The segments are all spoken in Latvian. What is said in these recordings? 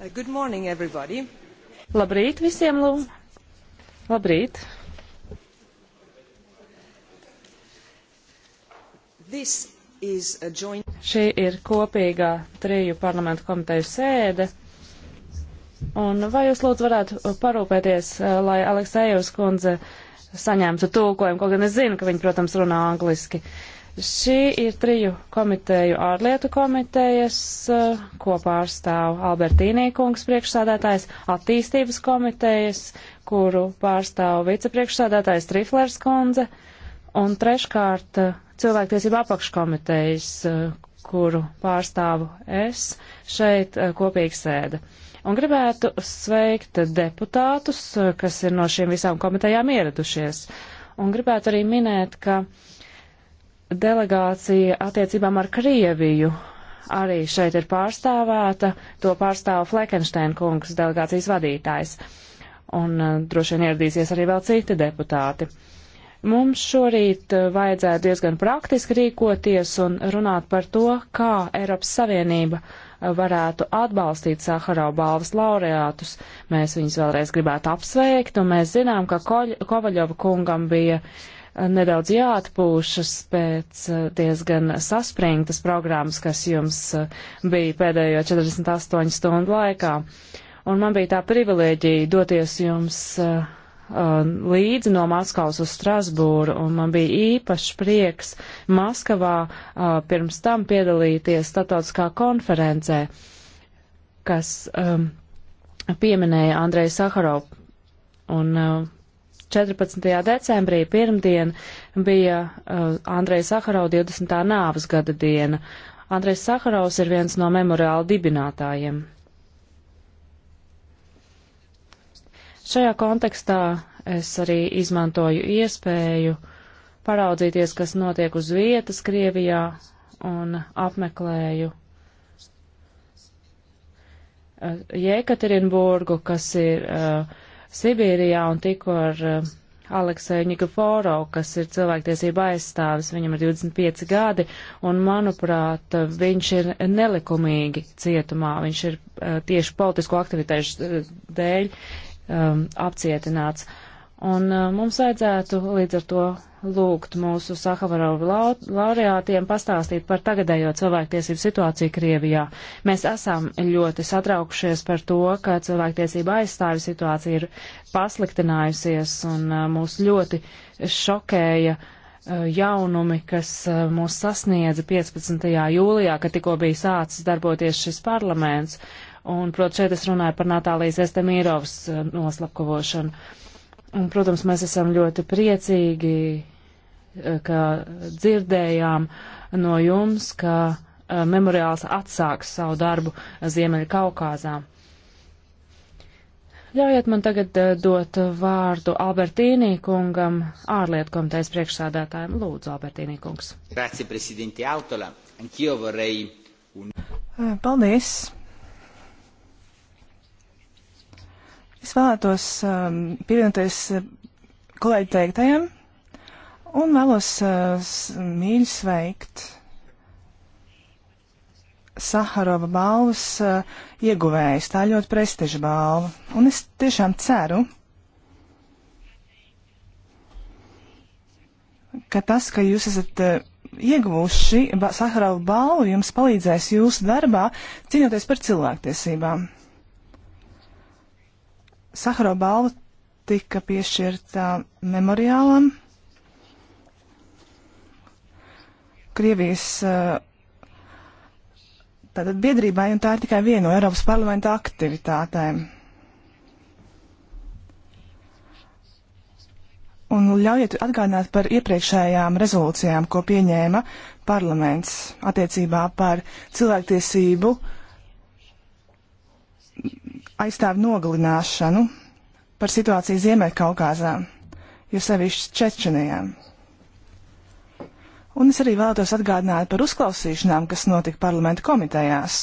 Uh, good morning, everybody. Labrīt visiem, lūdzu. Labrīt. Joint... Šī ir kopīgā triju parlamentu komiteju sēde. Un vai jūs lūdzu varētu uh, parūpēties, uh, lai Aleksējus kundze saņemtu tulkojumu, kaut gan es zinu, ka viņi, protams, runā angliski. Uh, Šī ir triju komiteju ārlietu komitejas, eh, ko pārstāv Albertīnī kungs priekšsādātājs, attīstības komitejas, kuru pārstāv vicepriekšsādātājs Triflers kundze, un treškārt eh, cilvēktiesība apakškomitejas, eh, kuru pārstāvu es šeit kopīgi sēda. Un gribētu sveikt deputātus, kas ir no šīm visām komitejām ieradušies. Un gribētu arī minēt, ka uh, delegācija attiecībām ar Krieviju arī šeit ir pārstāvēta. To pārstāv Fleckensteina kungs, delegācijas vadītājs. Un uh, droši vien ieradīsies arī vēl citi deputāti. Mums šorīt eh, vajadzētu diezgan praktiski rīkoties un runāt par to, kā Eiropas Savienība eh, varētu atbalstīt Saharau balvas laureātus. Mēs viņus vēlreiz gribētu apsveikt, un mēs zinām, ka Kovaļova kungam bija uh, nedaudz jāatpūšas pēc eh, diezgan saspringtas programmas, kas jums eh, bija pēdējo 48 stundu laikā. Un man bija tā privilēģija doties jums eh, līdzi no Maskavas uz Strasbūru, un man bija īpašs prieks Maskavā pirms tam piedalīties statautiskā konferencē, kas pieminēja Andreju Sakarovu. Un uh, 14. decembrī pirmdien bija uh, Andreja Saharau 20. nāvas gada diena. Andrejs Saharaus ir viens no memoriāla dibinātājiem. Šajā kontekstā es arī izmantoju iespēju paraudzīties, kas notiek uz vietas Krievijā un apmeklēju uh, Jēkaterinburgu, kas ir uh, Sibīrijā un tiku ar uh, eh, Alekseju Nikaforo, kas ir cilvēktiesība aizstāvis, viņam ir 25 gadi, un manuprāt, viņš ir nelikumīgi cietumā, viņš ir uh, tieši politisko aktivitāšu eh, dēļ um, apcietināts. Uh, Un uh, mums vajadzētu līdz ar to lūgt mūsu Sahavarovu laureātiem pastāstīt par tagadējo cilvēktiesību situāciju Krievijā. Mēs esam ļoti satraukšies par to, ka cilvēktiesība aizstāvi situācija ir pasliktinājusies un uh, mūs ļoti šokēja uh, jaunumi, kas uh, mūs sasniedza 15. jūlijā, kad tikko bija sācis darboties šis parlaments. Un, protams, šeit es runāju par Natālijas Estemīrovas uh, noslapkavošanu. Un, protams, mēs esam ļoti priecīgi, eh, ka dzirdējām no jums, ka eh, memoriāls atsāks savu darbu Ziemeļa Kaukāzā. Ļaujiet man tagad eh, dot vārdu Albertīnī kungam, ārlietu komitejas priekšsādātājiem. Lūdzu, Albertīnī kungs. Grazie, prezidenti Autola. Anch'io vorrei un... Paldies, Es vēlētos um, pievienoties uh, kolēģi teiktajam un vēlos uh, mīļi sveikt Saharova balvas uh, ieguvējus. Tā ļoti prestiža balva. Un es tiešām ceru, ka tas, ka jūs esat uh, ieguvuši ba Saharova balvu, jums palīdzēs jūsu darbā cīnoties par cilvēktiesībām. Sahara balva tika piešķirta memoriālam Krievijas eh, tātad biedrībai, un tā ir tikai viena no Eiropas parlamenta aktivitātēm. Un ļaujiet atgādināt par iepriekšējām rezolūcijām, ko pieņēma parlaments attiecībā par cilvēktiesību uh, aizstāv nogalināšanu par situāciju Ziemeļkaukāzā, jo sevišķi Čečenijā. Un es arī vēlētos atgādināt par uzklausīšanām, kas notika parlamenta komitejās.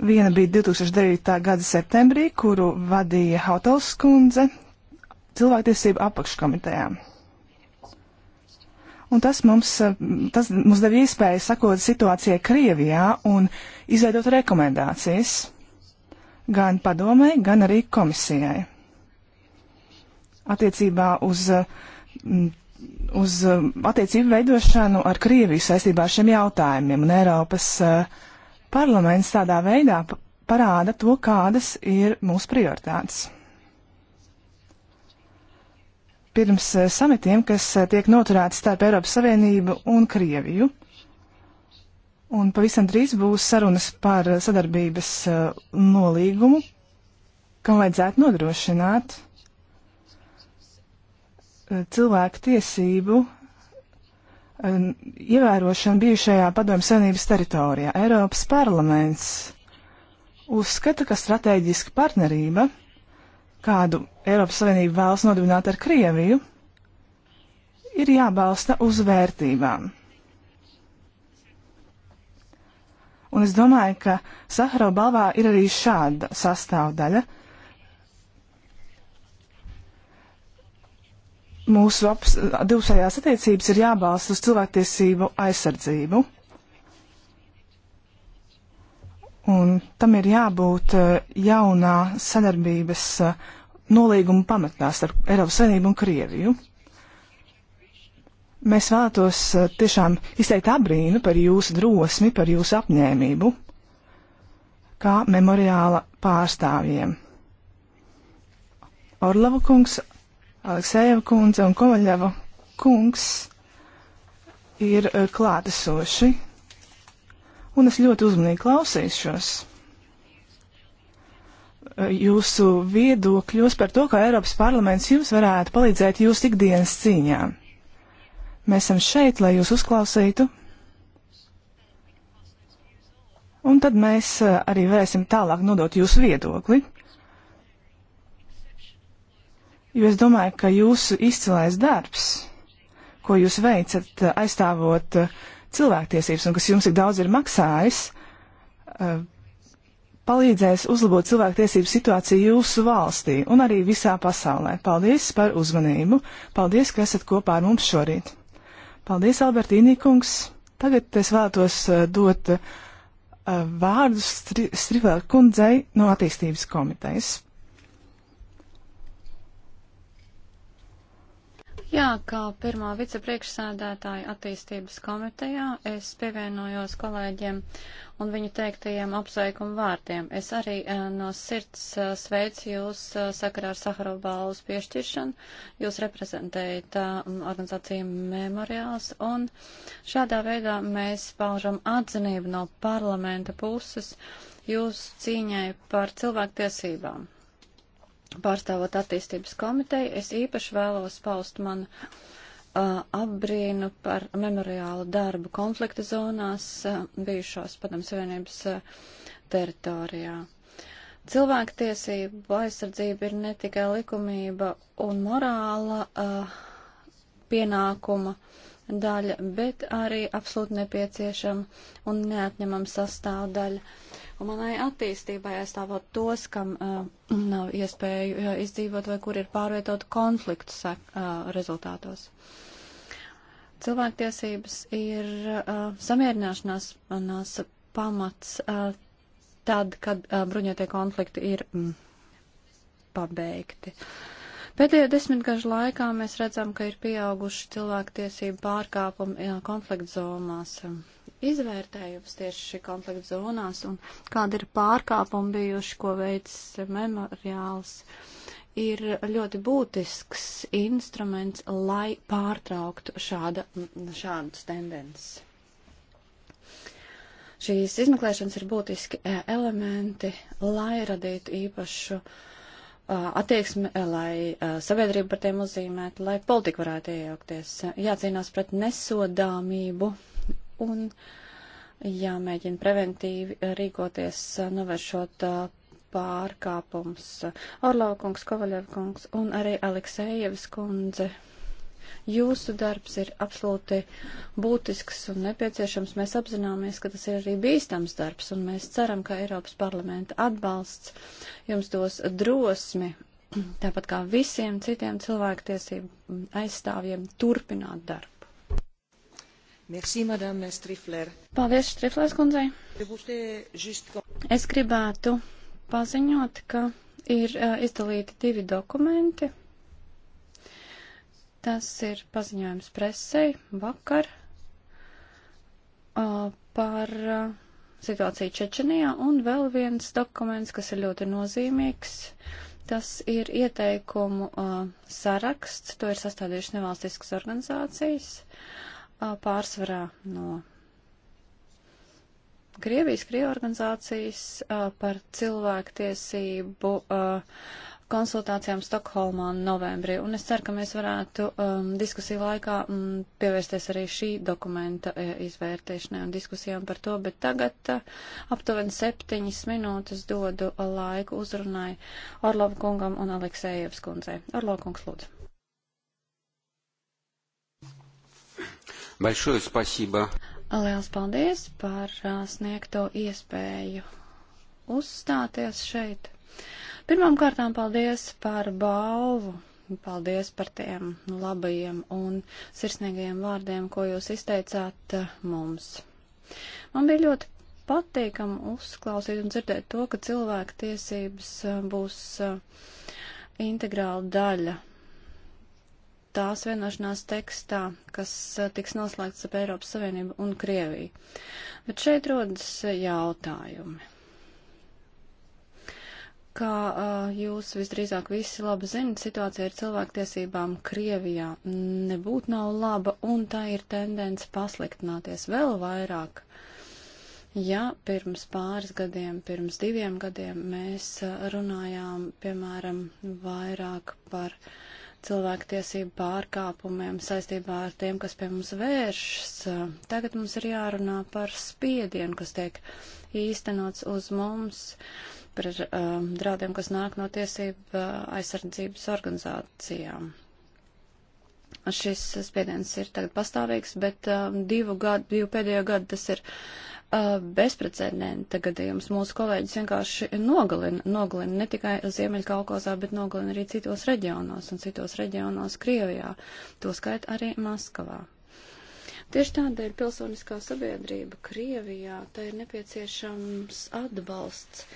Viena bija 2009. gada septembrī, kuru vadīja Hautals kundze cilvēktiesību apakškomitejā. Un tas mums, eh, tas mums deva iespēju sakot situācijai Krievijā un izveidot rekomendācijas gan padomai, gan arī komisijai. Attiecībā uz, uz attiecību veidošanu ar Krieviju saistībā ar šiem jautājumiem un Eiropas e, parlaments tādā veidā parāda to, kādas ir mūsu prioritātes. Pirms e, samitiem, kas e, tiek noturēti starp Eiropas Savienību un Krieviju, Un pavisam drīz būs sarunas par sadarbības uh, nolīgumu, kam vajadzētu nodrošināt uh, cilvēku tiesību uh, ievērošanu bijušajā padomju savienības teritorijā. Eiropas parlaments uzskata, ka strateģiska partnerība, kādu Eiropas Savienība vēlas nodibināt ar Krieviju, ir jābalsta uz vērtībām Un es domāju, ka Saharova balvā ir arī šāda sastāvdaļa. Mūsu aps, divsajās attiecības ir jābalsta uz cilvēktiesību aizsardzību. Un tam ir jābūt eh, jaunā sadarbības eh, nolīguma pamatā starp Eiropas Savienību un Krieviju. Mēs vēlētos eh, tiešām izteikt abrīnu par jūsu drosmi, par jūsu apņēmību, kā memoriāla pārstāvjiem. Orlava kungs, Aleksejeva kundze un Kovaļeva kungs ir eh, klātesoši, un es ļoti uzmanīgi klausīšos eh, jūsu viedokļos par to, kā Eiropas parlaments jums varētu palīdzēt jūsu ikdienas cīņām. Mēs esam šeit, lai jūs uzklausītu. Un tad mēs eh, arī varēsim tālāk nodot jūsu viedokli. Jo es domāju, ka jūsu izcilais darbs, ko jūs veicat eh, aizstāvot eh, cilvēktiesības un kas jums tik daudz ir maksājis, palīdzēs uzlabot cilvēktiesību situāciju jūsu valstī un arī visā pasaulē. Paldies par uzmanību! Paldies, ka esat kopā ar mums šorīt! Paldies, Albertīnī kungs. Tagad es vēlētos eh, dot eh, vārdus Strivela kundzei no attīstības komitejas. Jā, kā pirmā vicepriekšsēdētāja attīstības komitejā, es pievienojos kolēģiem un viņu teiktajiem apsveikumu vārdiem. Es arī eh, no sirds eh, sveicu jūs eh, sakarā ar Saharovu balvas piešķiršanu. Jūs reprezentējat organizāciju Memoriāls un šādā veidā mēs paužam atzinību no parlamenta puses jūsu cīņai par cilvēktiesībām pārstāvot attīstības komiteju, es īpaši vēlos paust manu uh, apbrīnu par memoriālu darbu konflikta zonās uh, bijušos Padomu Savienības uh, teritorijā. Cilvēktiesību aizsardzība ir ne tikai likumība un morāla uh, pienākuma daļa, bet arī absolūti nepieciešama un neatņemama sastāvdaļa Un manai attīstībai aizstāvot tos, kam uh, nav iespēju uh, izdzīvot vai kur ir pārvietot konfliktu sek, uh, rezultātos. Cilvēktiesības ir uh, samierināšanās pamats uh, tad, kad uh, bruņotie konflikti ir mm, pabeigti. Pēdējo desmitgažu laikā mēs redzam, ka ir pieauguši cilvēktiesību pārkāpumi konfliktzonas. Uh, izvērtējums tieši konflikta zonās un kāda ir pārkāpuma bijuši, ko veids memoriāls, ir ļoti būtisks instruments, lai pārtrauktu šāda, šādas tendences. Šīs izmeklēšanas ir būtiski e, elementi, lai radītu īpašu uh, attieksmi, e, lai sabiedrība par tiem uzzīmētu, lai politika varētu iejaukties, jācīnās pret nesodāmību un jāmēģina preventīvi eh, rīkoties, eh, novēršot eh, pārkāpums. Orlaukungs, Kovaļevkungs un arī Aleksējevas kundze. Jūsu darbs ir absolūti būtisks un nepieciešams. Mēs apzināmies, ka tas ir arī bīstams darbs, un mēs ceram, ka Eiropas parlamenta atbalsts jums dos drosmi, tāpat kā visiem citiem cilvēktiesību aizstāvjiem, turpināt darbu. Merci, madame Strifler. Paldies, Striflers kundzei. Es gribētu paziņot, ka ir uh, izdalīti divi dokumenti. Tas ir paziņojums presei vakar uh, par. Uh, eh, situācija Čečenijā, un vēl viens dokuments, kas ir ļoti nozīmīgs. Tas ir ieteikumu uh, saraksts, to ir sastādījušas nevalstiskas organizācijas, pārsvarā no Krievijas, Krievijas organizācijas par cilvēktiesību konsultācijām Stokholmā novembrī. Un es ceru, ka mēs varētu um, diskusiju laikā um, pievērsties arī šī dokumenta e, izvērtēšanai un diskusijām par to, bet tagad uh, aptuveni septiņas minūtes dodu laiku uzrunai Orlova kungam un Aleksējevs kundzei. Orlova kungs, lūdzu. Большое спасибо. Liels paldies par sniegto iespēju uzstāties šeit. Pirmām kārtām paldies par balvu. Paldies par tiem labajiem un sirsnīgajiem vārdiem, ko jūs izteicāt mums. Man bija ļoti patīkam uzklausīt un dzirdēt to, ka cilvēku tiesības būs integrāla daļa tās vienošanās tekstā, kas eh, tiks noslēgts ap Eiropas Savienību un Krieviju. Bet šeit rodas eh, jautājumi. Kā uh, jūs visdrīzāk visi labi zinat, situācija ar cilvēktiesībām Krievijā nebūtu nav laba, un tā ir tendence pasliktināties vēl vairāk. Ja pirms pāris gadiem, pirms diviem gadiem mēs runājām, piemēram, vairāk par uh, cilvēktiesību pārkāpumiem saistībā ar tiem, kas pie mums vēršas. Tagad mums ir jārunā par spiedienu, kas tiek īstenots uz mums par um, draudiem, kas nāk no tiesību uh, aizsardzības organizācijām. Šis spiediens ir tagad pastāvīgs, bet um, divu, gadu, divu pēdējo gadu tas ir uh, Uh, bezprecedenta gadījums. Mūsu kolēģis vienkārši nogalina, nogalina ne tikai Ziemeļkalkozā, bet nogalina arī citos reģionos un citos reģionos Krievijā, to skait arī Maskavā. Tieši tādēļ pilsoniskā sabiedrība Krievijā, tai ir nepieciešams atbalsts.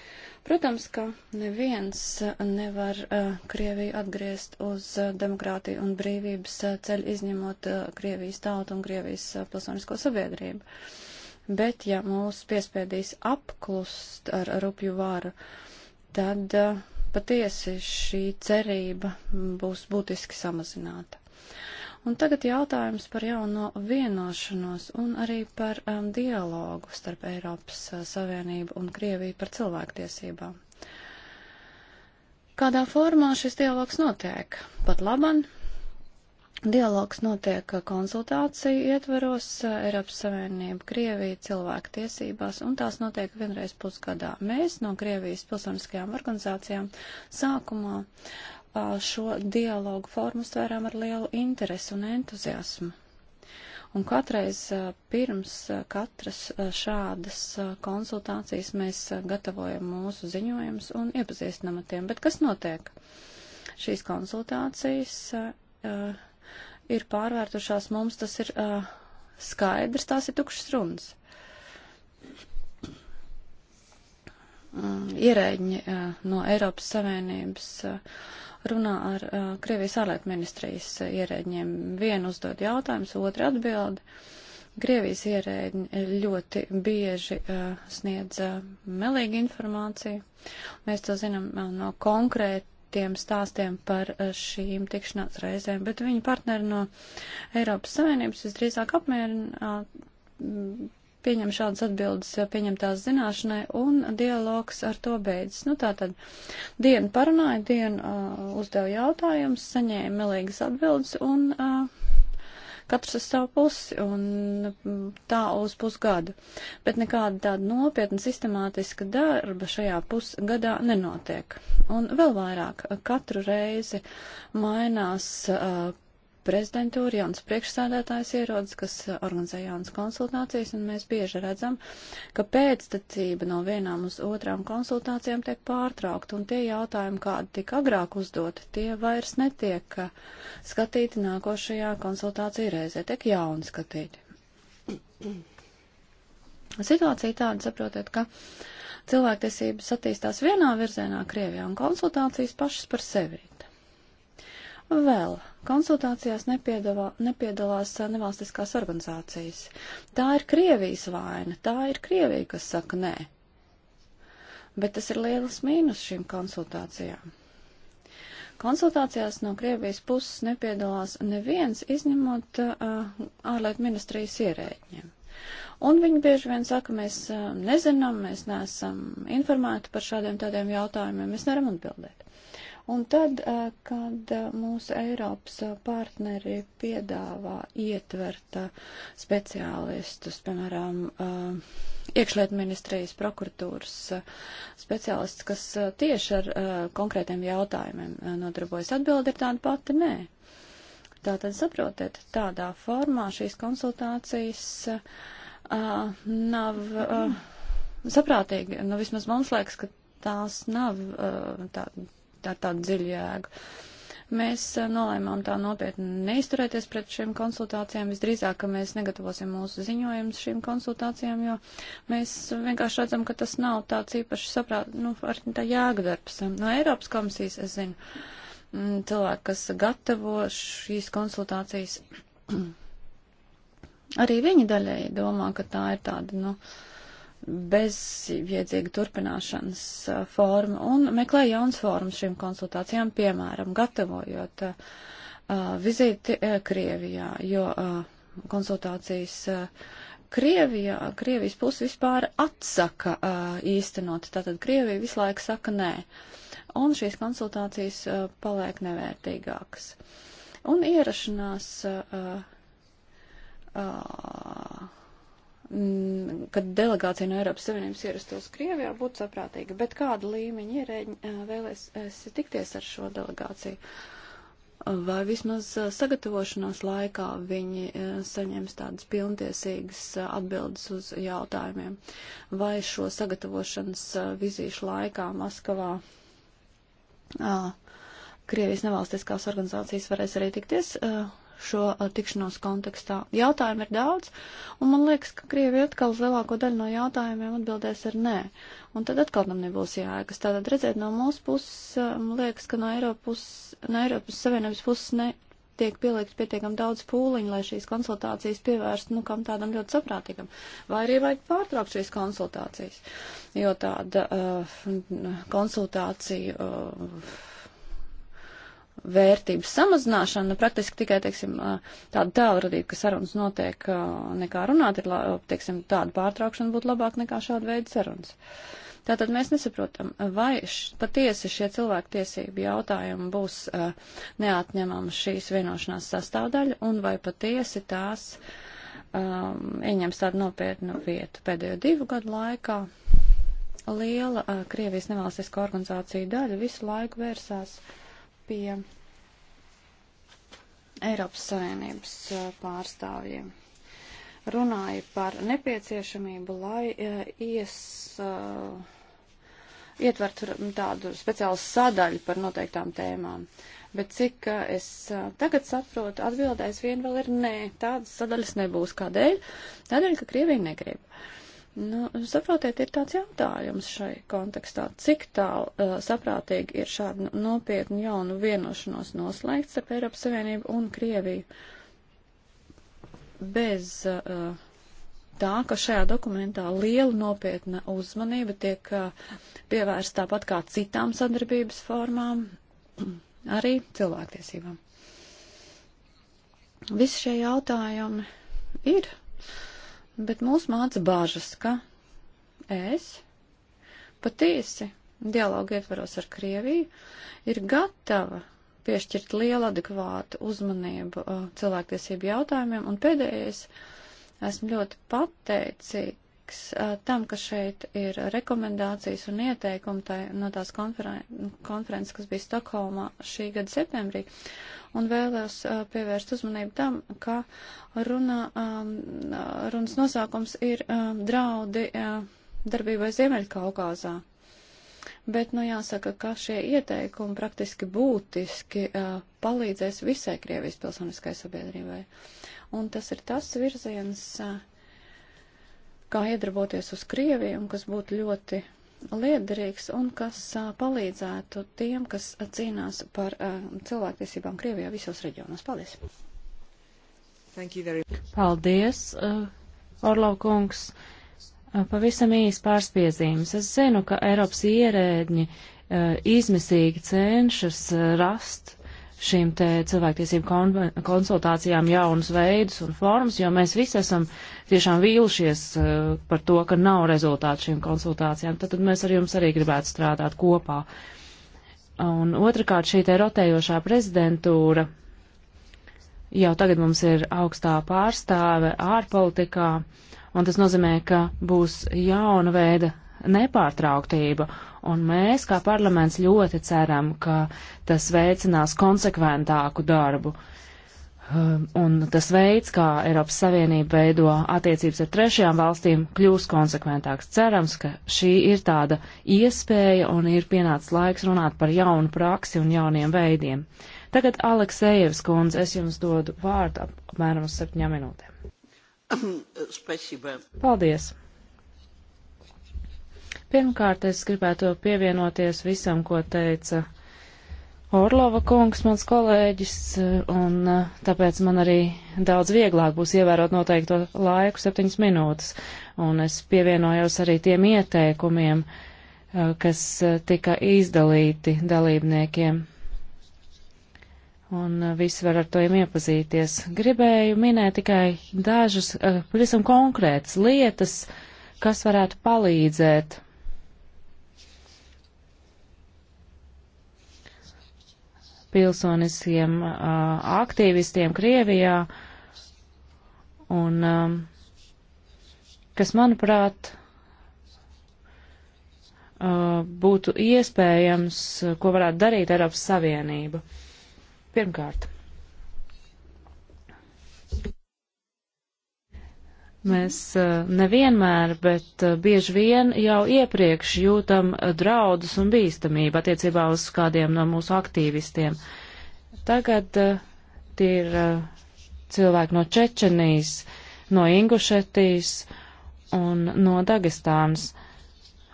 Protams, ka neviens uh, nevar uh, Krieviju atgriezt uz uh, demokrātiju un brīvības uh, ceļu, izņemot uh, Krievijas tautu un Krievijas uh, pilsonisko sabiedrību. Uh, bet ja mūs piespēdīs apklust ar rupju varu, tad eh, patiesi šī cerība būs būtiski samazināta. Un tagad jautājums par jauno vienošanos un arī par um, dialogu starp Eiropas uh, Savienību un Krieviju par cilvēktiesībām. Kādā formā šis dialogs notiek? Pat laban, Dialogs notiek konsultāciju ietveros Eiropas Savienība, Krievija, cilvēku tiesībās, un tās notiek vienreiz pusgadā. Mēs no Krievijas pilsoniskajām organizācijām sākumā šo dialogu formu stvērām ar lielu interesi un entuziasmu. Un katreiz pirms katras šādas konsultācijas mēs gatavojam mūsu ziņojumus un iepazīstinam ar tiem. Bet kas notiek? Šīs konsultācijas ir pārvērtušās mums, tas ir uh, skaidrs, tās ir tukšas runas. Ierēģi uh, no Eiropas Savienības uh, runā ar uh, Krievijas ārlietu ministrijas uh, ierēģiem. Vienu uzdod jautājumus, otru atbildi. Krievijas ierēģi ļoti bieži uh, sniedz uh, melīgu informāciju. Mēs to zinām uh, no konkrēta tiem stāstiem par eh, šīm tikšanās reizēm, bet viņa partneri no Eiropas Savienības visdrīzāk apmierina pieņem šādas atbildes pieņemtās zināšanai, un dialogs ar to beidzas. Nu, tā tad dienu parunāja, dienu uh, uzdeva jautājumus, saņēma milīgas atbildes, un uh, katrs uz savu pusi un mm, tā uz pusgadu. Bet nekāda tāda nopietna sistemātiska darba šajā pusgadā nenotiek. Un vēl vairāk, katru reizi mainās prezidentūra, jauns priekšsādātājs ierodas, kas organizē jaunas konsultācijas, un mēs bieži redzam, ka pēctecība no vienām uz otrām konsultācijām tiek pārtraukta, un tie jautājumi, kādi tika agrāk uzdoti, tie vairs netiek skatīti nākošajā konsultāciju reizē, tiek jauni skatīti. Situācija tāda, saprotiet, ka cilvēktiesības attīstās vienā virzienā Krievijā, un konsultācijas pašas par sevi Vēl konsultācijās nepiedalā, nepiedalās nevalstiskās organizācijas. Tā ir Krievijas vaina, tā ir Krievija, kas saka nē. Bet tas ir liels mīnus šīm konsultācijām. Konsultācijās no Krievijas puses nepiedalās neviens, izņemot uh, ārlietu ministrijas ierēģiem. Un viņi bieži vien saka, mēs uh, nezinām, mēs neesam informēti par šādiem tādiem jautājumiem, mēs nevaram atbildēt. Un tad, eh, kad eh, mūsu Eiropas eh, partneri piedāvā ietvert speciālistus, piemēram, iekšlietu ministrijas prokuratūras speciālistus, kas tieši ar konkrētiem jautājumiem nodarbojas, atbildi ir tāda pati nē. Tātad saprotiet, tādā formā šīs konsultācijas uh, nav uh, saprātīgi. Nu, vismaz mums liekas, ka tās nav uh, tā, tā ir tāda dziļa jēga. Mēs nolēmām tā nopietni neizturēties pret šīm konsultācijām. Visdrīzāk, ka mēs negatavosim mūsu ziņojumus šīm konsultācijām, jo mēs vienkārši redzam, ka tas nav tāds īpaši saprāt, nu, ar tā jēgdarbs. No Eiropas komisijas es zinu mm, cilvēki, kas gatavo šīs konsultācijas. Arī viņi daļēji domā, ka tā ir tāda, nu, uh, bezjēdzīga turpināšanas uh, forma un meklē jauns formas šīm konsultācijām, piemēram, gatavojot uh, uh, vizīti uh, Krievijā, jo uh, konsultācijas uh, Krievijā, Krievijas puse vispār atsaka uh, īstenot, tātad Krievija visu laiku saka nē, un šīs konsultācijas uh, paliek nevērtīgākas. Un ierašanās uh, uh, Mm, kad delegācija no Eiropas Savienības ierastos Krievijā, būtu saprātīga. Bet kāda līmeņa ierēģi vēlēs tikties ar šo delegāciju? Vai vismaz sagatavošanās laikā viņi saņems tādas pilntiesīgas atbildes uz jautājumiem? Vai šo sagatavošanas vizīšu laikā Maskavā Krievijas nevalstiskās organizācijas varēs arī tikties? Uh, šo a, eh, tikšanos kontekstā. Jautājumu ir daudz, un man liekas, ka Krievija atkal uz lielāko daļu no jautājumiem atbildēs ar nē. Un tad atkal tam nebūs jēgas. Tātad redzēt no mūsu puses, eh, man liekas, ka no Eiropas, no Eiropas Savienības puses ne, tiek pielikt pietiekam daudz pūliņu, lai šīs konsultācijas pievērst, nu, kam tādam ļoti saprātīgam. Vai arī vajag pārtraukt šīs konsultācijas, jo tāda uh, eh, konsultācija. Uh, vērtības samazināšana, nu, praktiski tikai, teiksim, tāda tēla radīt, ka sarunas notiek nekā runāt, ir, teiksim, tāda pārtraukšana būtu labāk nekā šāda veida sarunas. Tātad mēs nesaprotam, vai š, patiesi šie cilvēku tiesību jautājumi būs neatņemama šīs vienošanās sastāvdaļa, un vai patiesi tās um, ieņems tādu nopietnu vietu pēdējo divu gadu laikā. Liela uh, Krievijas nevalstisko organizāciju daļa visu laiku vērsās uh, pie Eiropas Savienības pārstāvjiem. Runāja par nepieciešamību, lai ies, ietvert tādu speciālu sadaļu par noteiktām tēmām. Bet cik es tagad saprotu, atbildēs vien vēl ir nē, tādas sadaļas nebūs. Kādēļ? Tādēļ, ka Krievija negrib. Uh, Nu, saprotiet, ir tāds jautājums šai kontekstā, cik tālu uh, saprātīgi ir šādu nopietnu jaunu vienošanos noslēgt starp Eiropas Savienību un Krieviju bez uh, tā, ka šajā dokumentā liela nopietna uzmanība tiek uh, pievērsta tāpat kā citām sadarbības formām, arī cilvēktiesībām. Visi šie jautājumi ir. Uh, Bet mūs māca bāžas, ka es patiesi dialogu ietvaros ar Krieviju ir gatava piešķirt lielu adekvātu uzmanību uh, cilvēktiesību jautājumiem. Un pēdējais, esmu ļoti pateicīga līdzīgs uh, tam, ka šeit ir rekomendācijas un ieteikumi tā, no tās konferen konferences, kas bija Stokholmā šī gada septembrī. Un vēlos uh, pievērst uzmanību tam, ka runa, um, runas nosaukums ir um, draudi uh, darbībai Ziemeļkaukāzā. Bet, nu, jāsaka, ka šie ieteikumi praktiski būtiski uh, palīdzēs visai Krievijas pilsoniskai sabiedrībai. Un tas ir tas virziens, uh, kā iedarboties uz Krieviju un kas būtu ļoti liederīgs un kas a, palīdzētu tiem, kas cīnās par a, cilvēktiesībām Krievijā visos reģionos. Paldies! Paldies, uh, Orlov kungs! Uh, pavisam īsi pārspiezīmes. Es zinu, ka Eiropas ierēdņi uh, izmisīgi cenšas rast šīm te cilvēktiesību konsultācijām jaunus veidus un formas, jo mēs visi esam tiešām vīlušies uh, par to, ka nav rezultātu šīm konsultācijām. Tad, tad mēs ar jums arī gribētu strādāt kopā. Un otrkārt, šī te rotējošā prezidentūra jau tagad mums ir augstā pārstāve ārpolitikā, un tas nozīmē, ka būs jauna veida nepārtrauktību, un mēs kā parlaments ļoti ceram, ka tas veicinās konsekventāku darbu. Um, un tas veids, kā Eiropas Savienība veido attiecības ar trešajām valstīm, kļūs konsekventāks. Cerams, ka šī ir tāda iespēja un ir pienācis laiks runāt par jaunu praksi un jauniem veidiem. Tagad Aleksējevs kundze, es jums dodu vārdu apmēram uz septiņām minūtēm. Paldies! Pirmkārt, es gribētu pievienoties visam, ko teica Orlova kungs, mans kolēģis, un eh, tāpēc man arī daudz vieglāk būs ievērot noteikto laiku, septiņas minūtes, un es pievienojos arī tiem ieteikumiem, eh, kas eh, tika izdalīti dalībniekiem. Un visi var ar to iepazīties. Gribēju minēt tikai dažas, pavisam konkrētas lietas, kas varētu palīdzēt pilsoniskiem uh, aktīvistiem Krievijā, un um, kas, manuprāt, uh, būtu iespējams, ko varētu darīt Eiropas Savienība. Pirmkārt, Mēs eh, nevienmēr, bet eh, bieži vien jau iepriekš jūtam eh, draudus un bīstamību attiecībā uz kādiem no mūsu aktīvistiem. Tagad tie ir cilvēki no Čečenijas, no Ingušetijas un no Dagestānas.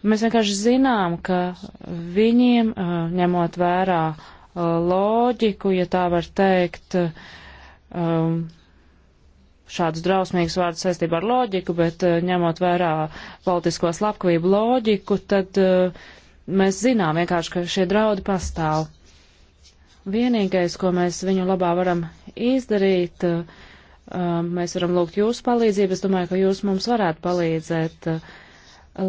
Mēs vienkārši zinām, ka viņiem, ņemot vērā loģiku, ja tā var teikt, um, šādus drausmīgus vārdus saistībā ar loģiku, bet eh, ņemot vērā politisko slepkavību loģiku, tad eh, mēs zinām vienkārši, ka šie draudi pastāv. Vienīgais, ko mēs viņu labā varam izdarīt, eh, mēs varam lūgt jūsu palīdzību. Es domāju, ka jūs mums varētu palīdzēt. Uh,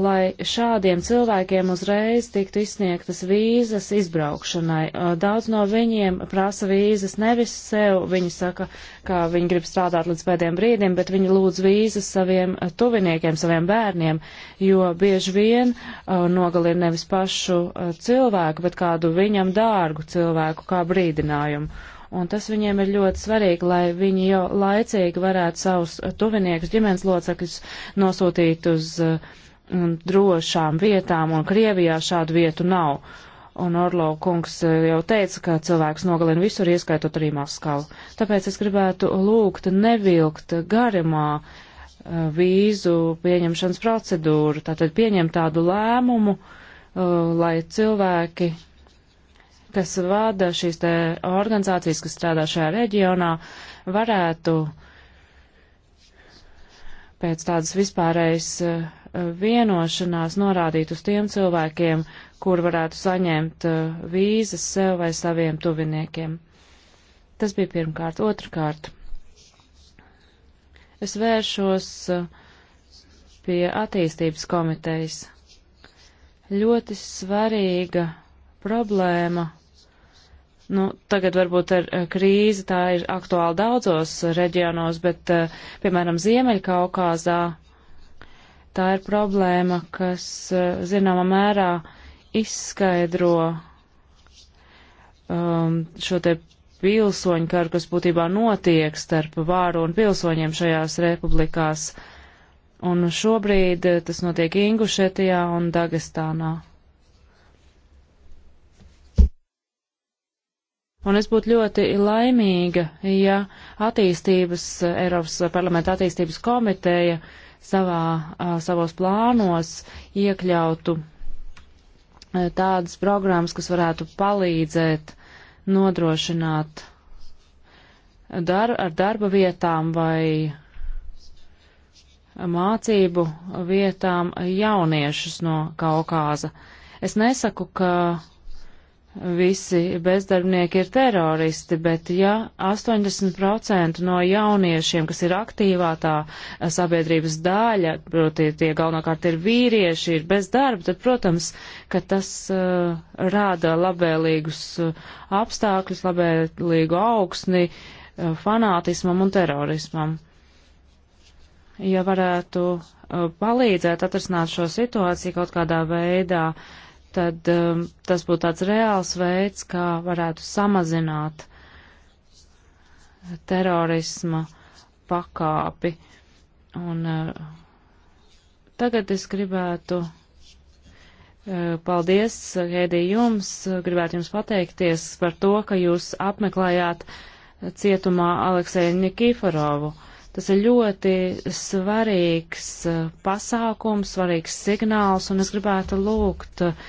lai šādiem cilvēkiem uzreiz tiktu izsniegtas vīzas izbraukšanai. Daudz no viņiem prasa vīzas nevis sev, viņi saka, ka viņi grib strādāt līdz pēdējiem brīdiem, bet viņi lūdz vīzas saviem tuviniekiem, saviem bērniem, jo bieži vien uh, nogalina nevis pašu uh, cilvēku, bet kādu viņam dārgu cilvēku kā brīdinājumu. Un tas viņiem ir ļoti svarīgi, lai viņi jau laicīgi varētu savus tuviniekus, ģimenes locekļus nosūtīt uz uh, un drošām vietām, un Krievijā šādu vietu nav. Un Orlov kungs eh, jau teica, ka cilvēks nogalina visur, ieskaitot arī Maskavu. Tāpēc es gribētu lūgt nevilkt garimā eh, vīzu pieņemšanas procedūru, tātad pieņemt tādu lēmumu, eh, lai cilvēki, kas vada šīs te organizācijas, kas strādā šajā reģionā, varētu pēc tādas vispārējas Eh, vienošanās norādīt uz tiem cilvēkiem, kur varētu saņemt eh, vīzas sev vai saviem tuviniekiem. Tas bija pirmkārt. Otrkārt, es vēršos eh, pie attīstības komitejas. Ļoti svarīga problēma. Nu, tagad varbūt ar krīzi tā ir aktuāla daudzos reģionos, bet, piemēram, Ziemeļkaukāzā Tā ir problēma, kas eh, zināmā mērā izskaidro um, šo te pilsoņu karu, kas būtībā notiek starp vāru un pilsoņiem šajās republikās. Un šobrīd eh, tas notiek Ingušetijā un Dagestānā. Un es būtu ļoti laimīga, ja attīstības, eh, Eiropas parlamenta attīstības komiteja uh, savā, savos plānos iekļautu tādas programmas, kas varētu palīdzēt nodrošināt dar ar darba vietām vai mācību vietām jauniešus no Kaukāza. Es nesaku, ka visi bezdarbnieki ir teroristi, bet ja 80% no jauniešiem, kas ir aktīvā tā eh, sabiedrības daļa, proti tie galvenokārt ir vīrieši, ir bezdarba, tad, protams, ka tas uh, rāda labvēlīgus eh, apstākļus, labvēlīgu augsni uh, fanātismam un terorismam. Ja varētu uh, palīdzēt atrasināt šo situāciju kaut kādā veidā, uh, tad um, tas būtu tāds reāls veids, kā varētu samazināt terorisma pakāpi. Un uh, tagad es gribētu, uh, paldies, Hēdī, jums, gribētu jums pateikties par to, ka jūs apmeklējāt cietumā Aleksēju Nikiforovu. Uh, Tas ir ļoti svarīgs eh, pasākums, svarīgs signāls, un es gribētu lūgt, eh,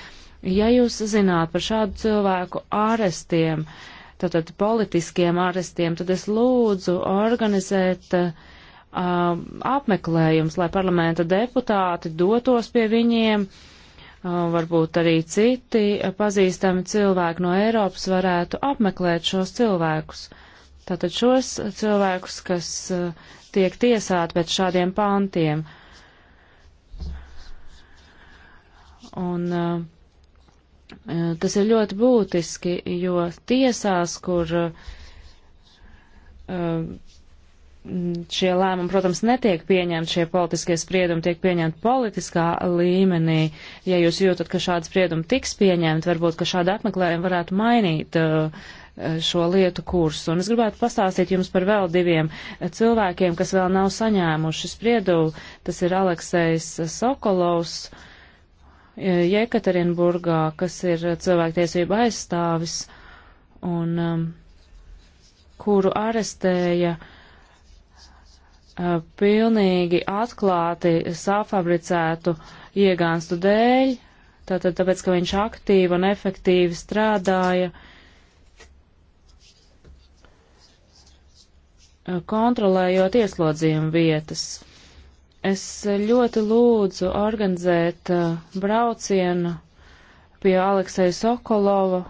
ja jūs zināt par šādu cilvēku ārestiem, tātad politiskiem ārestiem, tad es lūdzu organizēt uh, apmeklējums, lai parlamenta deputāti dotos pie viņiem, uh, varbūt arī citi pazīstami cilvēki no Eiropas varētu apmeklēt šos cilvēkus. Uh, Tātad šos cilvēkus, kas eh, tiek tiesāti pēc šādiem pāntiem. Un eh, eh, tas ir ļoti būtiski, jo tiesās, kur šie lēmumi, protams, netiek pieņemti, šie politiskie spriedumi tiek pieņemti politiskā līmenī. Ja jūs jūtat, ka šādi spriedumi tiks pieņemti, varbūt, ka šādi apmeklējumi varētu mainīt uh, šo lietu kursu. Un es gribētu pastāstīt jums par vēl diviem cilvēkiem, kas vēl nav saņēmuši spriedumu. Tas ir Aleksejs Sokolovs Jekaterinburgā, kas ir cilvēktiesība aizstāvis un um, kuru arestēja uh, pilnīgi atklāti safabricētu iegānstu dēļ, tātad tāpēc, ka viņš aktīvi un efektīvi strādāja Eh, kontrolējot ieslodzījumu vietas. Es ļoti lūdzu organizēt eh, braucienu pie Alekseja Sokolova,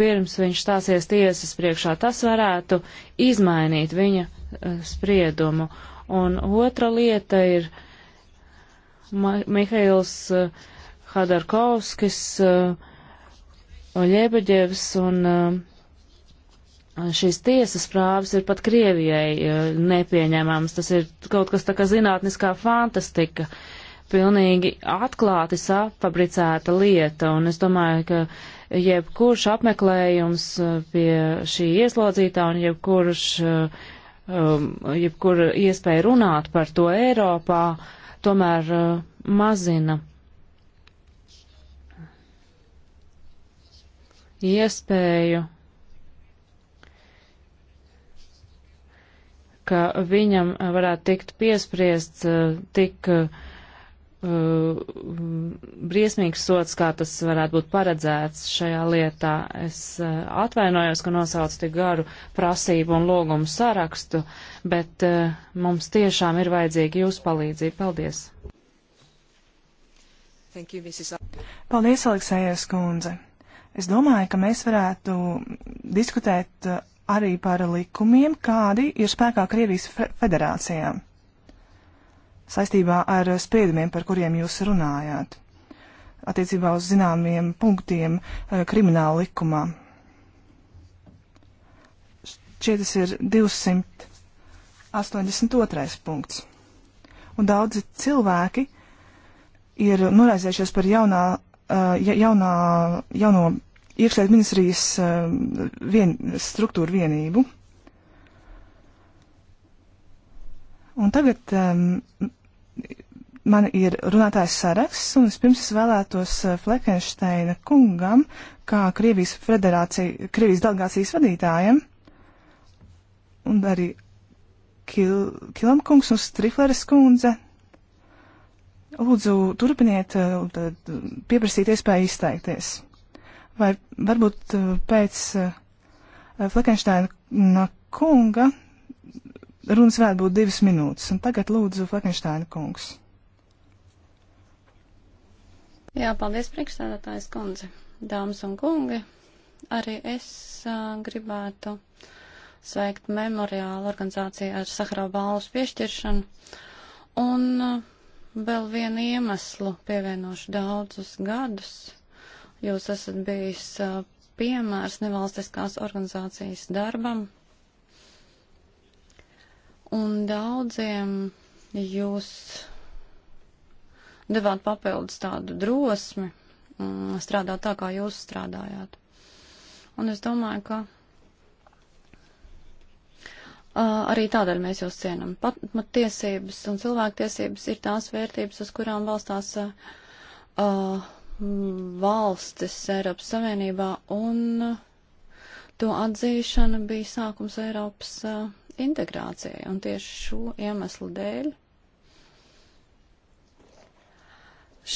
pirms viņš stāsies tiesas priekšā. Tas varētu izmainīt viņa eh, spriedumu. Un otra lieta ir Mihails Hadarkovskis, Ļebeģevs un šīs tiesas prāvas ir pat Krievijai e, nepieņemams. Tas ir kaut kas tā kā zinātniskā fantastika, pilnīgi atklāti safabricēta lieta, un es domāju, ka jebkurš apmeklējums e, pie šī ieslodzītā un jebkurš, e, um, jebkura iespēja runāt par to Eiropā, tomēr mazina iespēju ka viņam varētu tikt piespriests eh, tik uh, briesmīgs sots, kā tas varētu būt paredzēts šajā lietā. Es uh, atvainojos, ka nosaucu tik garu prasību un lūgumu sarakstu, bet uh, mums tiešām ir vajadzīga jūsu palīdzība. Paldies! Thank you, Mrs. Paldies, Aleksējas kundze! Es domāju, ka mēs varētu diskutēt arī par likumiem, kādi ir spēkā Krievijas fe federācijā saistībā ar spriedumiem, par kuriem jūs runājāt, attiecībā uz zināmiem punktiem eh, krimināla likumā. Šie tas ir 282. punkts. Un daudzi cilvēki ir noraizējušies par jaunā, eh, ja, jaunā, jauno iekšlietu ministrijas um, vien, struktūru vienību. Un tagad um, man ir runātājs saraksts, un vispirms es vēlētos uh, Fleckensteina kungam, kā Krievijas federācija, Krievijas delegācijas vadītājam, un arī Kil, Kilam kungs un Strifleres kundze. Lūdzu, turpiniet, uh, tad um, pieprasīt iespēju izteikties. Vai varbūt uh, pēc uh, Flekensteina mm, kunga runas varētu būt divas minūtes. Un tagad lūdzu Flekensteina kungs. Jā, paldies priekšstādātājs kundze, dāmas un kungi. Arī es uh, gribētu sveikt memoriālu organizāciju ar Saharau balvas piešķiršanu. Un uh, vēl vienu iemeslu pievienošu daudzus gadus Jūs esat bijis piemērs nevalstiskās organizācijas darbam, un daudziem jūs devāt papildus tādu drosmi strādāt tā, kā jūs strādājāt. Un es domāju, ka arī tādēļ mēs jūs cienam. Pat tiesības un cilvēktiesības ir tās vērtības, uz kurām valstās uh, valstis Eiropas Savienībā, un to atzīšana bija sākums Eiropas uh, integrācijai. Un tieši šo iemeslu dēļ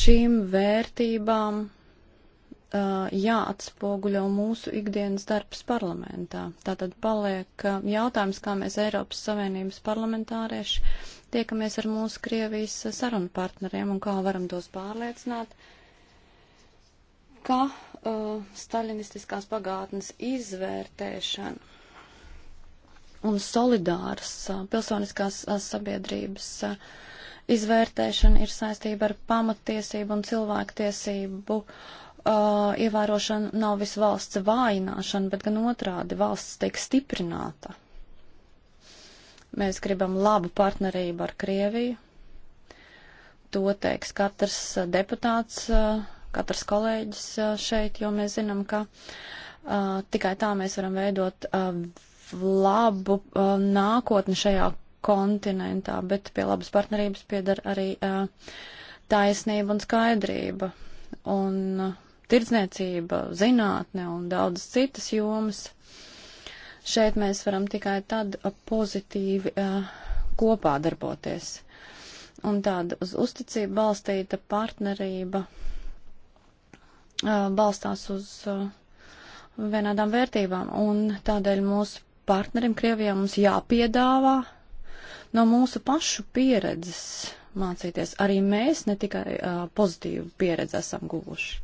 šīm vērtībām uh, jāatspoguļo mūsu ikdienas darbs parlamentā. Tātad paliek uh, jautājums, kā mēs Eiropas Savienības parlamentārieši tiekamies ar mūsu Krievijas sarunu partneriem un kā varam tos pārliecināt, uh, ka uh, staļinistiskās pagātnes izvērtēšana un solidāras uh, pilsoniskās uh, sabiedrības uh, izvērtēšana ir saistība ar pamatiesību un cilvēktiesību uh, ievērošanu nav visu valsts vājināšana, bet gan otrādi valsts tiek stiprināta. Mēs gribam labu partnerību ar Krieviju. To teiks katrs uh, deputāts. Uh, katrs kolēģis šeit, jo mēs zinām, ka uh, tikai tā mēs varam veidot uh, labu uh, nākotni šajā kontinentā, bet pie labas partnerības piedara arī uh, taisnība un skaidrība un uh, tirdzniecība, zinātne un daudzas citas jomas. Šeit mēs varam tikai tad uh, pozitīvi uh, kopā darboties. Un tāda uz uzticību balstīta partnerība balstās uz vienādām vērtībām. Un tādēļ mūsu partnerim Krievijā mums jāpiedāvā no mūsu pašu pieredzes mācīties. Arī mēs ne tikai uh, pozitīvu pieredzi esam guvuši.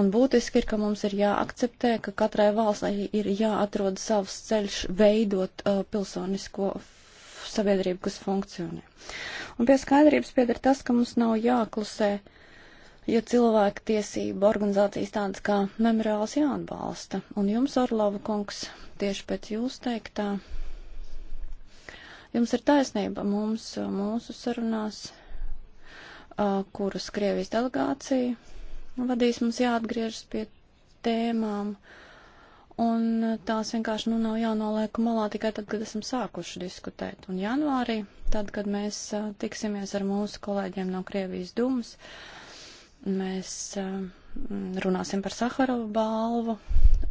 Un būtiski ir, ka mums ir jāakceptē, ka katrai valstī ir jāatrod savs ceļš veidot uh, pilsonisko sabiedrību, kas funkcionē. Un pie skaidrības pieder tas, ka mums nav jāklusē uh, jo cilvēku tiesība organizācijas tādas kā memoriāls jāatbalsta. Un jums, Orlova kungs, tieši pēc jūs teiktā, jums ir taisnība mums, mūsu sarunās, kuras Krievijas delegācija vadīs, mums jāatgriežas pie tēmām. Un tās vienkārši nu, nav jānoliek malā tikai tad, kad esam sākuši diskutēt. Un janvārī, tad, kad mēs tiksimies ar mūsu kolēģiem no Krievijas dūmas, uh, Mēs um, runāsim par Saharovu balvu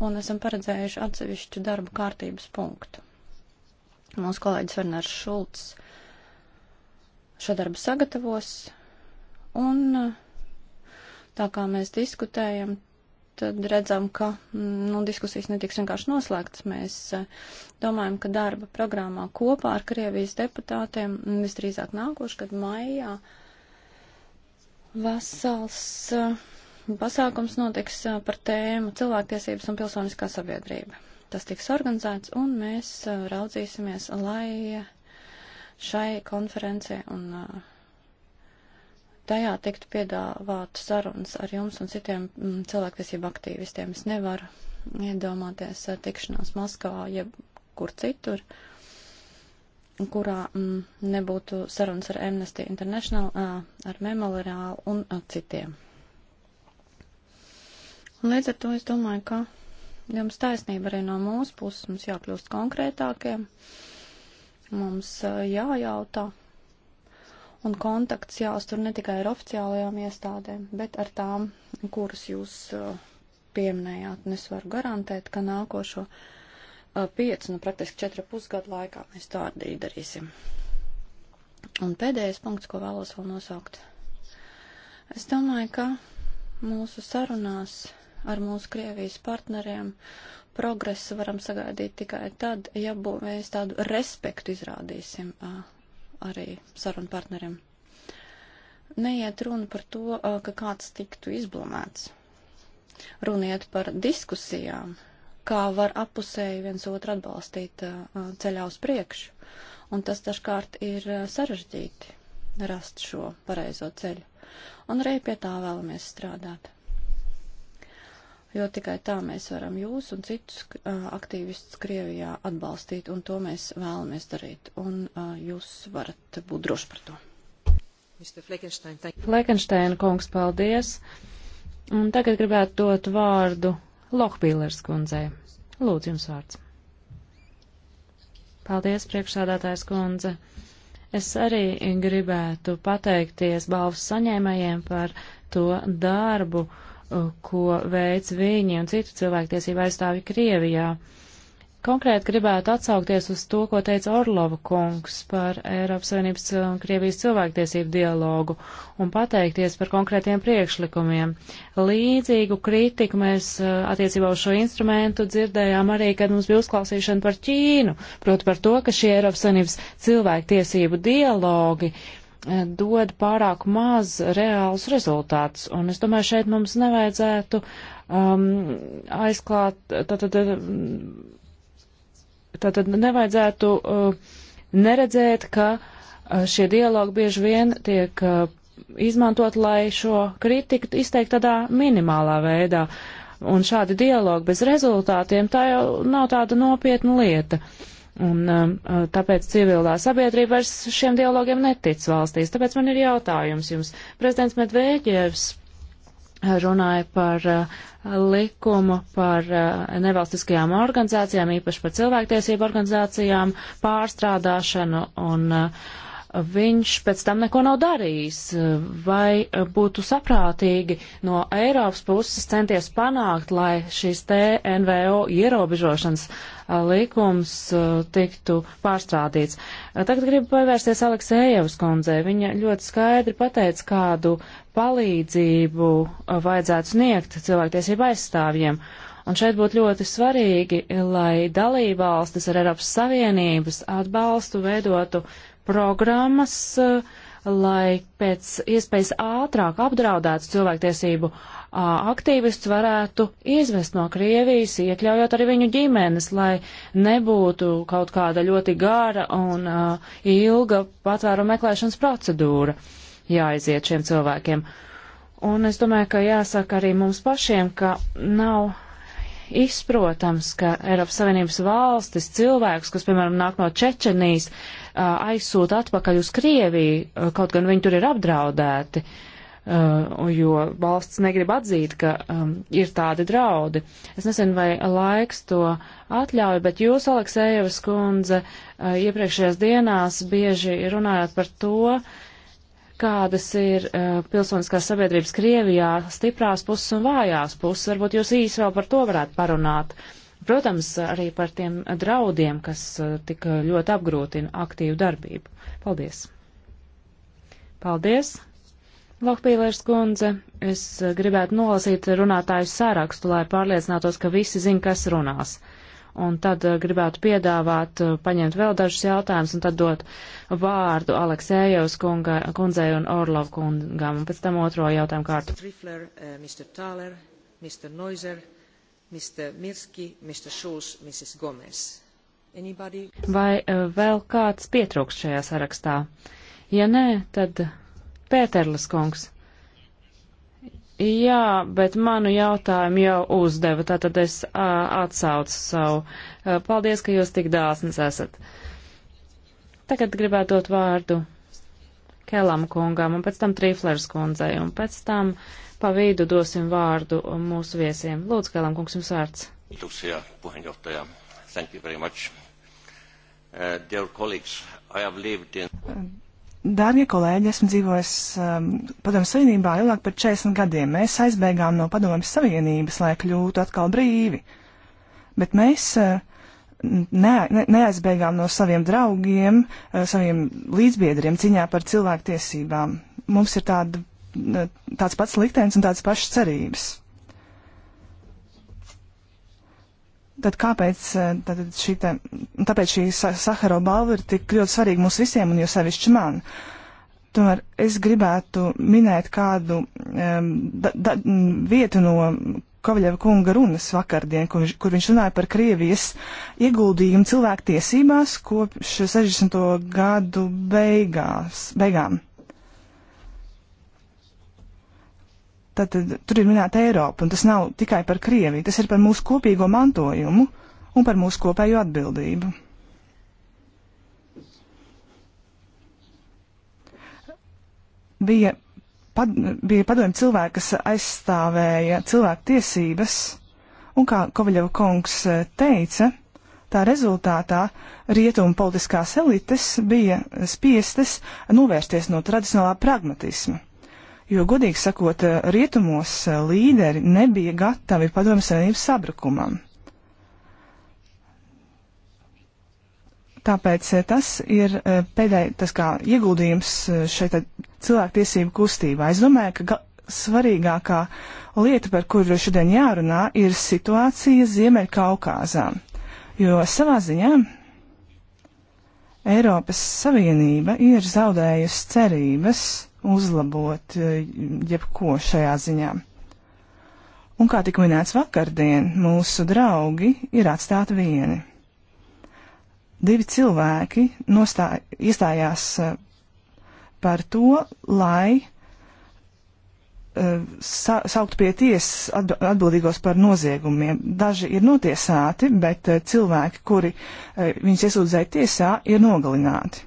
un esam paredzējuši atsevišķu darbu kārtības punktu. Mūsu kolēģis Vernārs Šulcs šo darbu sagatavos, un uh, tā kā mēs diskutējam, tad redzam, ka mm, nu, diskusijas netiks vienkārši noslēgtas. Mēs uh, domājam, ka darba programmā kopā ar Krievijas deputātiem mm, visdrīzāk nākošgad maijā uh, Vesels eh, pasākums notiks eh, par tēmu cilvēktiesības un pilsoniskā sabiedrība. Tas tiks organizēts un mēs eh, raudzīsimies, lai šai konferencē un uh, tajā tiktu piedāvāt sarunas ar jums un citiem mm, cilvēktiesību aktīvistiem. Es nevaru iedomāties tikšanās Maskavā, jebkur citur. Uh, kurā m, mm, nebūtu sarunas ar Amnesty International, ar Memorial un citiem. Un līdz ar to es domāju, ka jums taisnība arī no mūsu puses mums jākļūst konkrētākiem, mums jājautā, un kontakts jāuztur ne tikai ar oficiālajām iestādēm, bet ar tām, kuras jūs pieminējāt, un es varu garantēt, ka nākošo. Uh, piecu, nu praktiski četru pusgadu laikā mēs to arī darīsim. Un pēdējais punkts, ko vēlos vēl nosaukt. Es domāju, ka mūsu sarunās ar mūsu Krievijas partneriem progresu varam sagaidīt tikai tad, ja bū, mēs tādu respektu izrādīsim arī sarunu partneriem. Neiet runa par to, ka kāds tiktu izblamēts. Runiet par diskusijām, kā var apusēji viens otru atbalstīt ceļā uz priekšu. Un tas dažkārt ir sarežģīti rast šo pareizo ceļu. Un arī pie tā vēlamies strādāt. Jo tikai tā mēs varam jūs un citus aktīvistus Krievijā atbalstīt, un to mēs vēlamies darīt. Un jūs varat būt droši par to. Fleckensteina kungs, paldies! Un tagad gribētu dot vārdu Lohbīlers kundzei. Lūdzu, jums vārds. Paldies, priekšsādātājs kundze. Es arī gribētu pateikties balvas saņēmējiem par to darbu, ko veic viņi un citu cilvēktiesību aizstāvi Krievijā. Uh, Konkrēti gribētu atsaukties uz to, ko teica Orlova kungs par Eiropas Savienības un Krievijas cilvēktiesību dialogu un pateikties par konkrētiem priekšlikumiem. Līdzīgu kritiku mēs eh, attiecībā uz šo instrumentu dzirdējām arī, kad mums bija uzklausīšana par Ķīnu, proti par to, ka šie Eiropas Savienības cilvēktiesību dialogi eh, dod pārāk maz reālus rezultātus. Un es domāju, šeit mums nevajadzētu um, aizklāt, tad, tad, um, Tātad nevajadzētu uh, neredzēt, ka uh, šie dialogi bieži vien tiek uh, izmantot, lai šo kritiku izteikt tādā minimālā veidā. Un šādi dialogi bez rezultātiem tā jau nav tāda nopietna lieta. Un um, uh, tāpēc civilā sabiedrība vairs šiem dialogiem netic valstīs. Tāpēc man ir jautājums jums. Prezidents Medvēģievs runāja par uh, likumu par uh, nevalstiskajām organizācijām, īpaši par cilvēktiesību organizācijām, pārstrādāšanu un uh, viņš pēc tam neko nav darījis. Vai būtu saprātīgi no Eiropas puses centies panākt, lai šīs te NVO ierobežošanas likums tiktu pārstrādīts? Tagad gribu pavērsties Aleksējevas kundzei. Viņa ļoti skaidri pateica, kādu palīdzību vajadzētu sniegt cilvēktiesību aizstāvjiem. Un šeit būtu ļoti svarīgi, lai dalībvalstis ar Eiropas Savienības atbalstu veidotu programmas, eh, lai pēc iespējas ātrāk apdraudēts cilvēktiesību eh, aktīvists varētu izvest no Krievijas, iekļaujot arī viņu ģimenes, lai nebūtu kaut kāda ļoti gara un eh, ilga patvēru meklēšanas procedūra jāaiziet šiem cilvēkiem. Un es domāju, ka jāsaka arī mums pašiem, ka nav izprotams, ka Eiropas Savienības valstis cilvēks, kas, piemēram, nāk no Čečenijas, aizsūta atpakaļ uz Krieviju, kaut gan viņi tur ir apdraudēti, jo valsts negrib atzīt, ka ir tādi draudi. Es nezinu, vai laiks to atļauj, bet jūs, Aleksējevas kundze, iepriekšējās dienās bieži runājāt par to, kādas ir uh, pilsoniskās sabiedrības Krievijā stiprās puses un vājās puses. Varbūt jūs īsi vēl par to varētu parunāt. Protams, arī par tiem draudiem, kas uh, tik ļoti apgrūtina aktīvu darbību. Paldies! Paldies! Lohpīlērs kundze, es eh, gribētu nolasīt runātāju sārakstu, lai pārliecinātos, ka visi zina, kas runās. Uh, un tad eh, gribētu piedāvāt eh, paņemt vēl dažus jautājumus un tad dot vārdu Aleksējos kundzei un Orlov kungam, un pēc tam otro jautājumu kārtu. Trifler, eh, Mr. Thaler, Mr. Noiser, Mr. Mirski, Mr. Schulz, Mrs. Gomez. Anybody? Vai vēl kāds pietrūkst šajā sarakstā? Ja nē, tad Pēterlis kungs. Jā, bet manu jautājumu jau uzdeva, tātad es atsaucu savu. Paldies, ka jūs tik dāsnas esat. Tagad gribētu dot vārdu Kelam kungam un pēc tam Trīflers kundzei un pēc tam pa vidu dosim vārdu mūsu viesiem. Lūdzu, Kelam kungs, jums vārds. Kiitoksia puheenjohtaja. Thank you very much. Uh, dear colleagues, I have lived in... Uh, Dārgie kolēģi, esmu dzīvojis um, Padomu Savienībā ilgāk par 40 gadiem. Mēs aizbēgām no Padomu Savienības, lai kļūtu atkal brīvi. Bet mēs uh, ne, ne, neaizbēgām no saviem draugiem, uh, saviem līdzbiedriem ciņā par cilvēktiesībām. Mums ir tāda, uh, tāds pats liktenis un tādas pašas cerības. Tad kāpēc eh, tad šī, te, tāpēc šī Sahara balva ir tik ļoti svarīga mums visiem un jo sevišķi man? Tomēr es gribētu minēt kādu um, da, da, vietu no Kovaļeva kunga runas vakardien, kur viņš, kur viņš runāja par Krievijas ieguldījumu cilvēktiesībās kopš 60. gadu beigās, beigām. Tātad tur ir minēta Eiropa, un tas nav tikai par Krieviju, tas ir par mūsu kopīgo mantojumu un par mūsu kopējo atbildību. Bija, pad, bija padomju cilvēki, kas aizstāvēja cilvēku tiesības, un kā Kovaļova kungs eh, teica, tā rezultātā rietumu politiskās elites bija spiestas novērsties no tradicionālā pragmatisma jo, godīgi sakot, eh, rietumos eh, līderi nebija gatavi padomju savienības sabrukumam. Tāpēc eh, tas ir pēdējais, tas kā ieguldījums šeit cilvēktiesību kustībā. Es domāju, ka svarīgākā lieta, par kuru šodien jārunā, ir situācija Ziemeļkaukāzā. Jo savā ziņā Eiropas Savienība ir zaudējusi cerības uzlabot eh, jebko šajā ziņā. Un kā tik minēts vakardien, mūsu draugi ir atstāti vieni. Divi cilvēki nostā, iestājās eh, par to, lai Eh, sa saukt pie tiesas atbildīgos par noziegumiem. Daži ir notiesāti, bet eh, cilvēki, kuri eh, viņus iesūdzēja tiesā, ir nogalināti.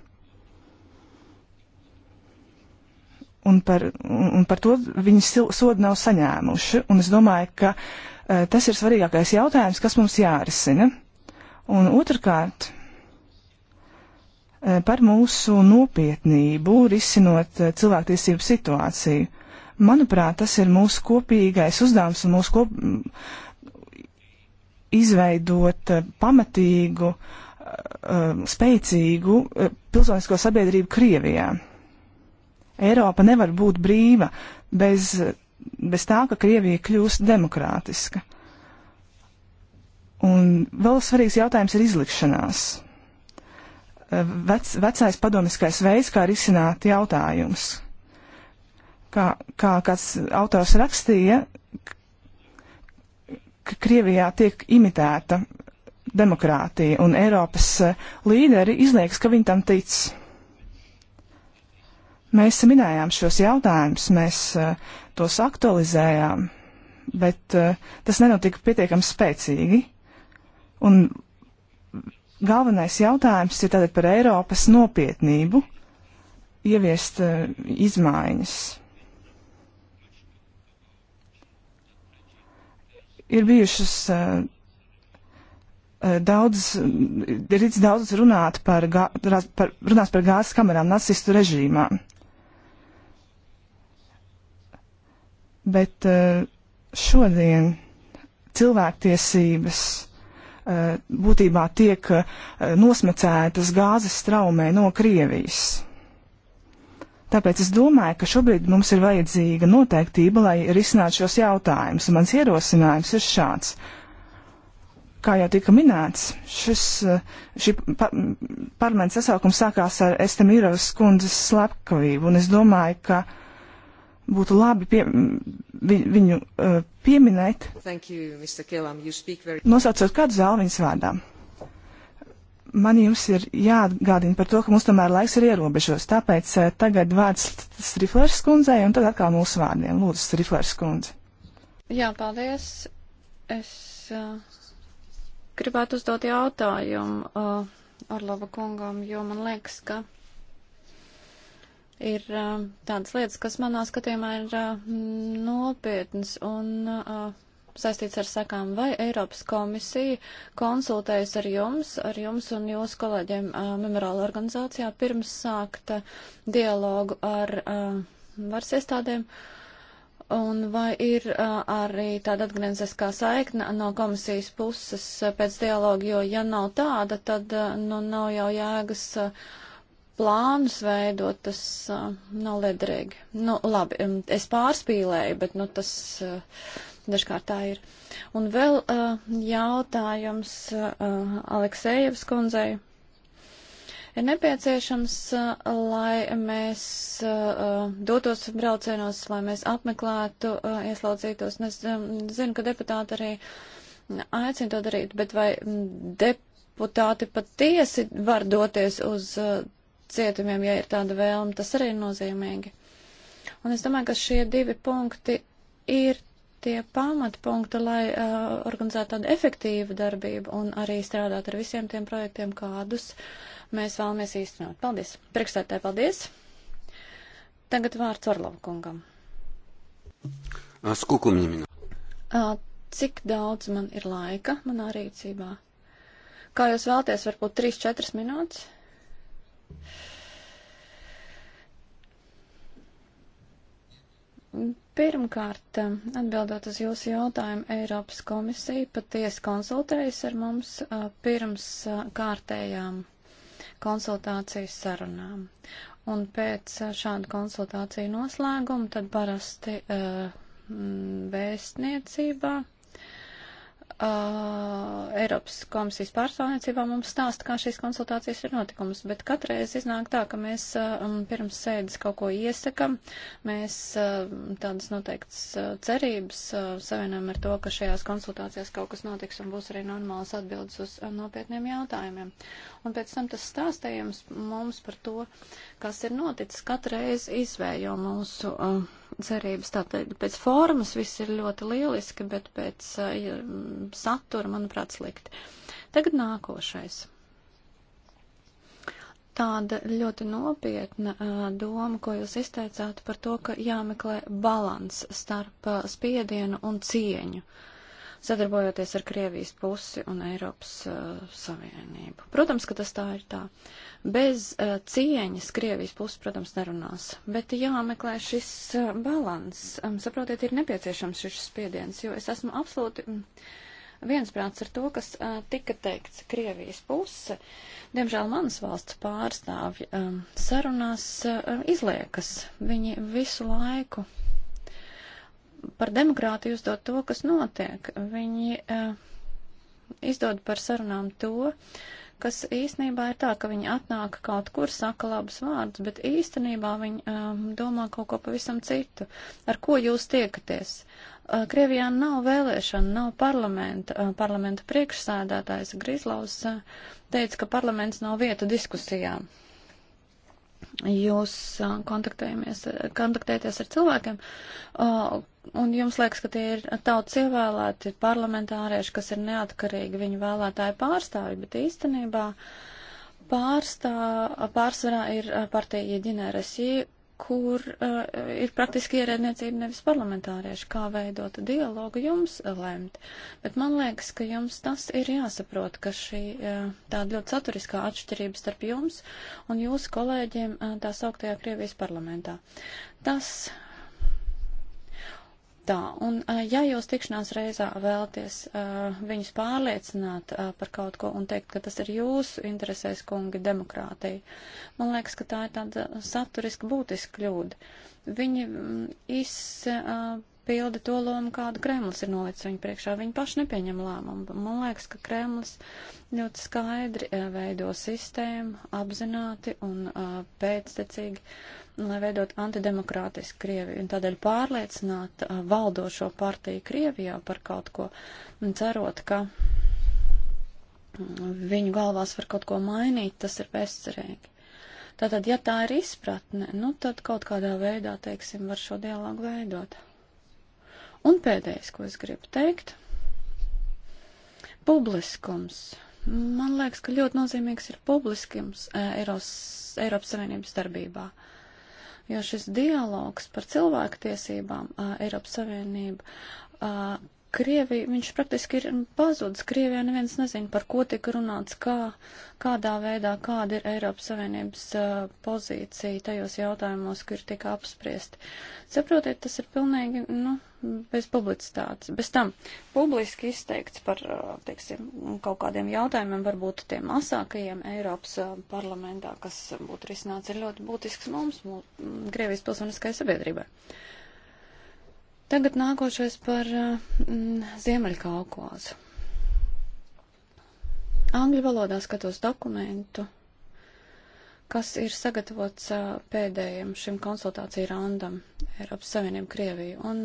Un par, un par to viņi sodu nav saņēmuši. Un es domāju, ka tas ir svarīgākais jautājums, kas mums jārisina. Un otrkārt, par mūsu nopietnību risinot cilvēktiesību situāciju Manuprāt, tas ir mūsu kopīgais uzdevums un mūsu kop... izveidot eh, pamatīgu, eh, spēcīgu eh, pilsonisko sabiedrību Krievijā. Eiropa nevar būt brīva bez, bez tā, ka Krievija kļūst demokrātiska. Un vēl svarīgs jautājums ir izlikšanās. Vec, vecais padomiskais veids, kā risināt jautājumus kā, kā kāds autors rakstīja, ka Krievijā tiek imitēta demokrātija un Eiropas eh, līderi izliekas, ka viņi tam tic. Mēs minējām šos jautājumus, mēs eh, tos aktualizējām, bet eh, tas nenotika pietiekami spēcīgi. Un galvenais jautājums ir tātad par Eiropas nopietnību ieviest izmaiņas. Ir bijušas eh, eh, daudz, ir līdz daudz runāt par, gā, par, runās par gāzes kamerām nacistu režīmā. Bet eh, šodien cilvēktiesības būtībā tiek nosmacētas gāzes traumē no Krievijas. Tāpēc es domāju, ka šobrīd mums ir vajadzīga noteiktība, lai risinātu šos jautājumus. Mans ierosinājums ir šāds. Kā jau tika minēts, šis eh, šī par, parlaments sasaukums sākās ar Estemīrovas kundzes slepkavību, un es domāju, ka būtu labi pie, vi, viņu uh, pieminēt, you, Kelam, very... nosaucot kādu zāli viņas vārdām man jums ir jāatgādina par to, ka mums tomēr laiks ir ierobežos. Tāpēc eh, tagad vārds Striflers kundzei un tad atkal mūsu vārdiem. Lūdzu, Striflers kundze. Jā, paldies. Es uh, gribētu uzdot jautājumu uh, eh, Arlova kungam, jo man liekas, ka ir uh, tādas lietas, kas manā skatījumā ir uh, nopietnas un. Uh, saistīts ar sakām, vai Eiropas komisija konsultējas ar jums, ar jums un jūsu kolēģiem uh, memorāla organizācijā pirms sākt uh, dialogu ar uh, varas iestādēm? Un vai ir uh, arī tāda atgriezeniskā saikne no komisijas puses uh, pēc dialoga, jo ja nav tāda, tad uh, nu, nav jau jēgas. Uh, plānus veidot, tas uh, nav liederīgi. Nu, labi, es pārspīlēju, bet nu, tas uh, Dažkārt tā ir. Un vēl uh, jautājums uh, Aleksējevs kundzei. Ir nepieciešams, uh, lai mēs uh, dotos braucienos, lai mēs apmeklētu uh, ieslaucītos. Es um, zinu, ka deputāti arī aicina to darīt, bet vai mm, deputāti patiesi var doties uz uh, cietumiem, ja ir tāda vēlme, tas arī ir nozīmīgi. Un es domāju, ka šie divi punkti ir tie pamatpunkti, lai uh, organizētu tādu efektīvu darbību un arī strādāt ar visiem tiem projektiem, kādus mēs vēlamies īstenot. Paldies! Priekšstādātāji, paldies! Tagad vārds Orlova kungam. Skukumņimina. Uh, cik daudz man ir laika manā rīcībā? Kā jūs vēlties, varbūt 3-4 minūtes? Pirmkārt, atbildot uz jūsu jautājumu, Eiropas komisija patiesi konsultējas ar mums pirms kārtējām konsultācijas sarunām. Un pēc šādu konsultāciju noslēguma tad parasti vēstniecībā. Uh, Uh, Eiropas komisijas pārstāvniecībā mums stāsta, kā šīs konsultācijas ir notikumas, bet katreiz iznāk tā, ka mēs uh, um, pirms sēdes kaut ko iesakam, mēs uh, tādas noteiktas uh, cerības uh, savienam ar to, ka šajās konsultācijās kaut kas notiks un būs arī normāls atbildes uz uh, nopietniem jautājumiem. Un pēc tam tas stāstījums mums par to, kas ir noticis, katreiz izvējo mūsu. Uh, cerības. Tātad pēc formas viss ir ļoti lieliski, bet pēc uh, satura, manuprāt, slikti. Tagad nākošais. Tāda ļoti nopietna uh, doma, ko jūs izteicāt par to, ka jāmeklē balans starp uh, spiedienu un cieņu. Uh, sadarbojoties ar Krievijas pusi un Eiropas uh, Savienību. Protams, ka tas tā ir tā. Bez uh, cieņas Krievijas puses, protams, nerunās, bet jāmeklē šis uh, balans. Um, saprotiet, ir nepieciešams šis spiediens, jo es esmu absolūti. Mm, viensprāts ar to, kas uh, tika teikts Krievijas puse. Diemžēl manas valsts pārstāvji um, sarunās uh, izliekas. Viņi visu laiku par demokrātiju uzdod to, kas notiek. Viņi eh, izdod par sarunām to, kas īsnībā ir tā, ka viņi atnāk kaut kur, saka labus vārdus, bet īstenībā viņi um, domā kaut ko pavisam citu. Ar ko jūs tiekaties? Uh, Krievijā nav vēlēšana, nav parlamenta. Uh, parlamenta priekšsēdētājs Grizlaus uh, teica, ka parlaments nav vieta diskusijām jūs kontaktēties ar cilvēkiem, un jums liekas, ka tie ir tauts ievēlēti parlamentārieši, kas ir neatkarīgi viņu vēlētāju pārstāvi, bet īstenībā pārstā, pārsvarā ir partija ģineresī kur uh, ir praktiski ierēdniecība nevis parlamentārieši, kā veidot dialogu jums lemt. Bet man liekas, ka jums tas ir jāsaprot, ka šī uh, tāda ļoti saturiskā atšķirība starp jums un jūsu kolēģiem uh, tā sauktajā Krievijas parlamentā. Tas tā. Un, ja jūs tikšanās reizā vēlaties uh, viņus pārliecināt uh, par kaut ko un teikt, ka tas ir jūsu interesēs, kungi, demokrātija, man liekas, ka tā ir tāda saturiska būtiska kļūda. Viņi mm, iz, uh, pilda to lomu, kādu Kremlis ir nolicis viņu priekšā. Viņi paši nepieņem lēmumu. Man liekas, ka Kremlis ļoti skaidri eh, veido sistēmu, apzināti un eh, pēctecīgi, lai veidot antidemokrātisku Krieviju. Un tādēļ pārliecināt eh, valdošo partiju Krievijā par kaut ko, cerot, ka mm, viņu galvās var kaut ko mainīt, tas ir bezcerīgi. Tātad, ja tā ir izpratne, nu tad kaut kādā veidā, teiksim, var šo dialogu veidot. Un pēdējais, ko es gribu teikt - publiskums. Man liekas, ka ļoti nozīmīgs ir publiskums e, Eiros, Eiropas Savienības darbībā. Jo šis dialogs par cilvēktiesībām e, Eiropas Savienību e, Krievija, viņš praktiski ir pazudis. Krievijā neviens nezina, par ko tika runāts, kā, kādā veidā, kāda ir Eiropas Savienības uh, pozīcija tajos jautājumos, kur tika apspriesti. Saprotiet, tas ir pilnīgi, nu, bez publicitātes. Bez tam publiski izteikts par, uh, teiksim, kaut kādiem jautājumiem, varbūt tiem asākajiem Eiropas uh, parlamentā, kas būtu risināts, ir ļoti būtisks mums, mums mm, Grievijas pilsoniskai sabiedrībai. Tagad nākošais par uh, mm, Ziemeļkaukozu. Angļu valodā skatos dokumentu kas ir sagatavots pēdējiem šim konsultāciju randam Eiropas Savienību Krieviju. Un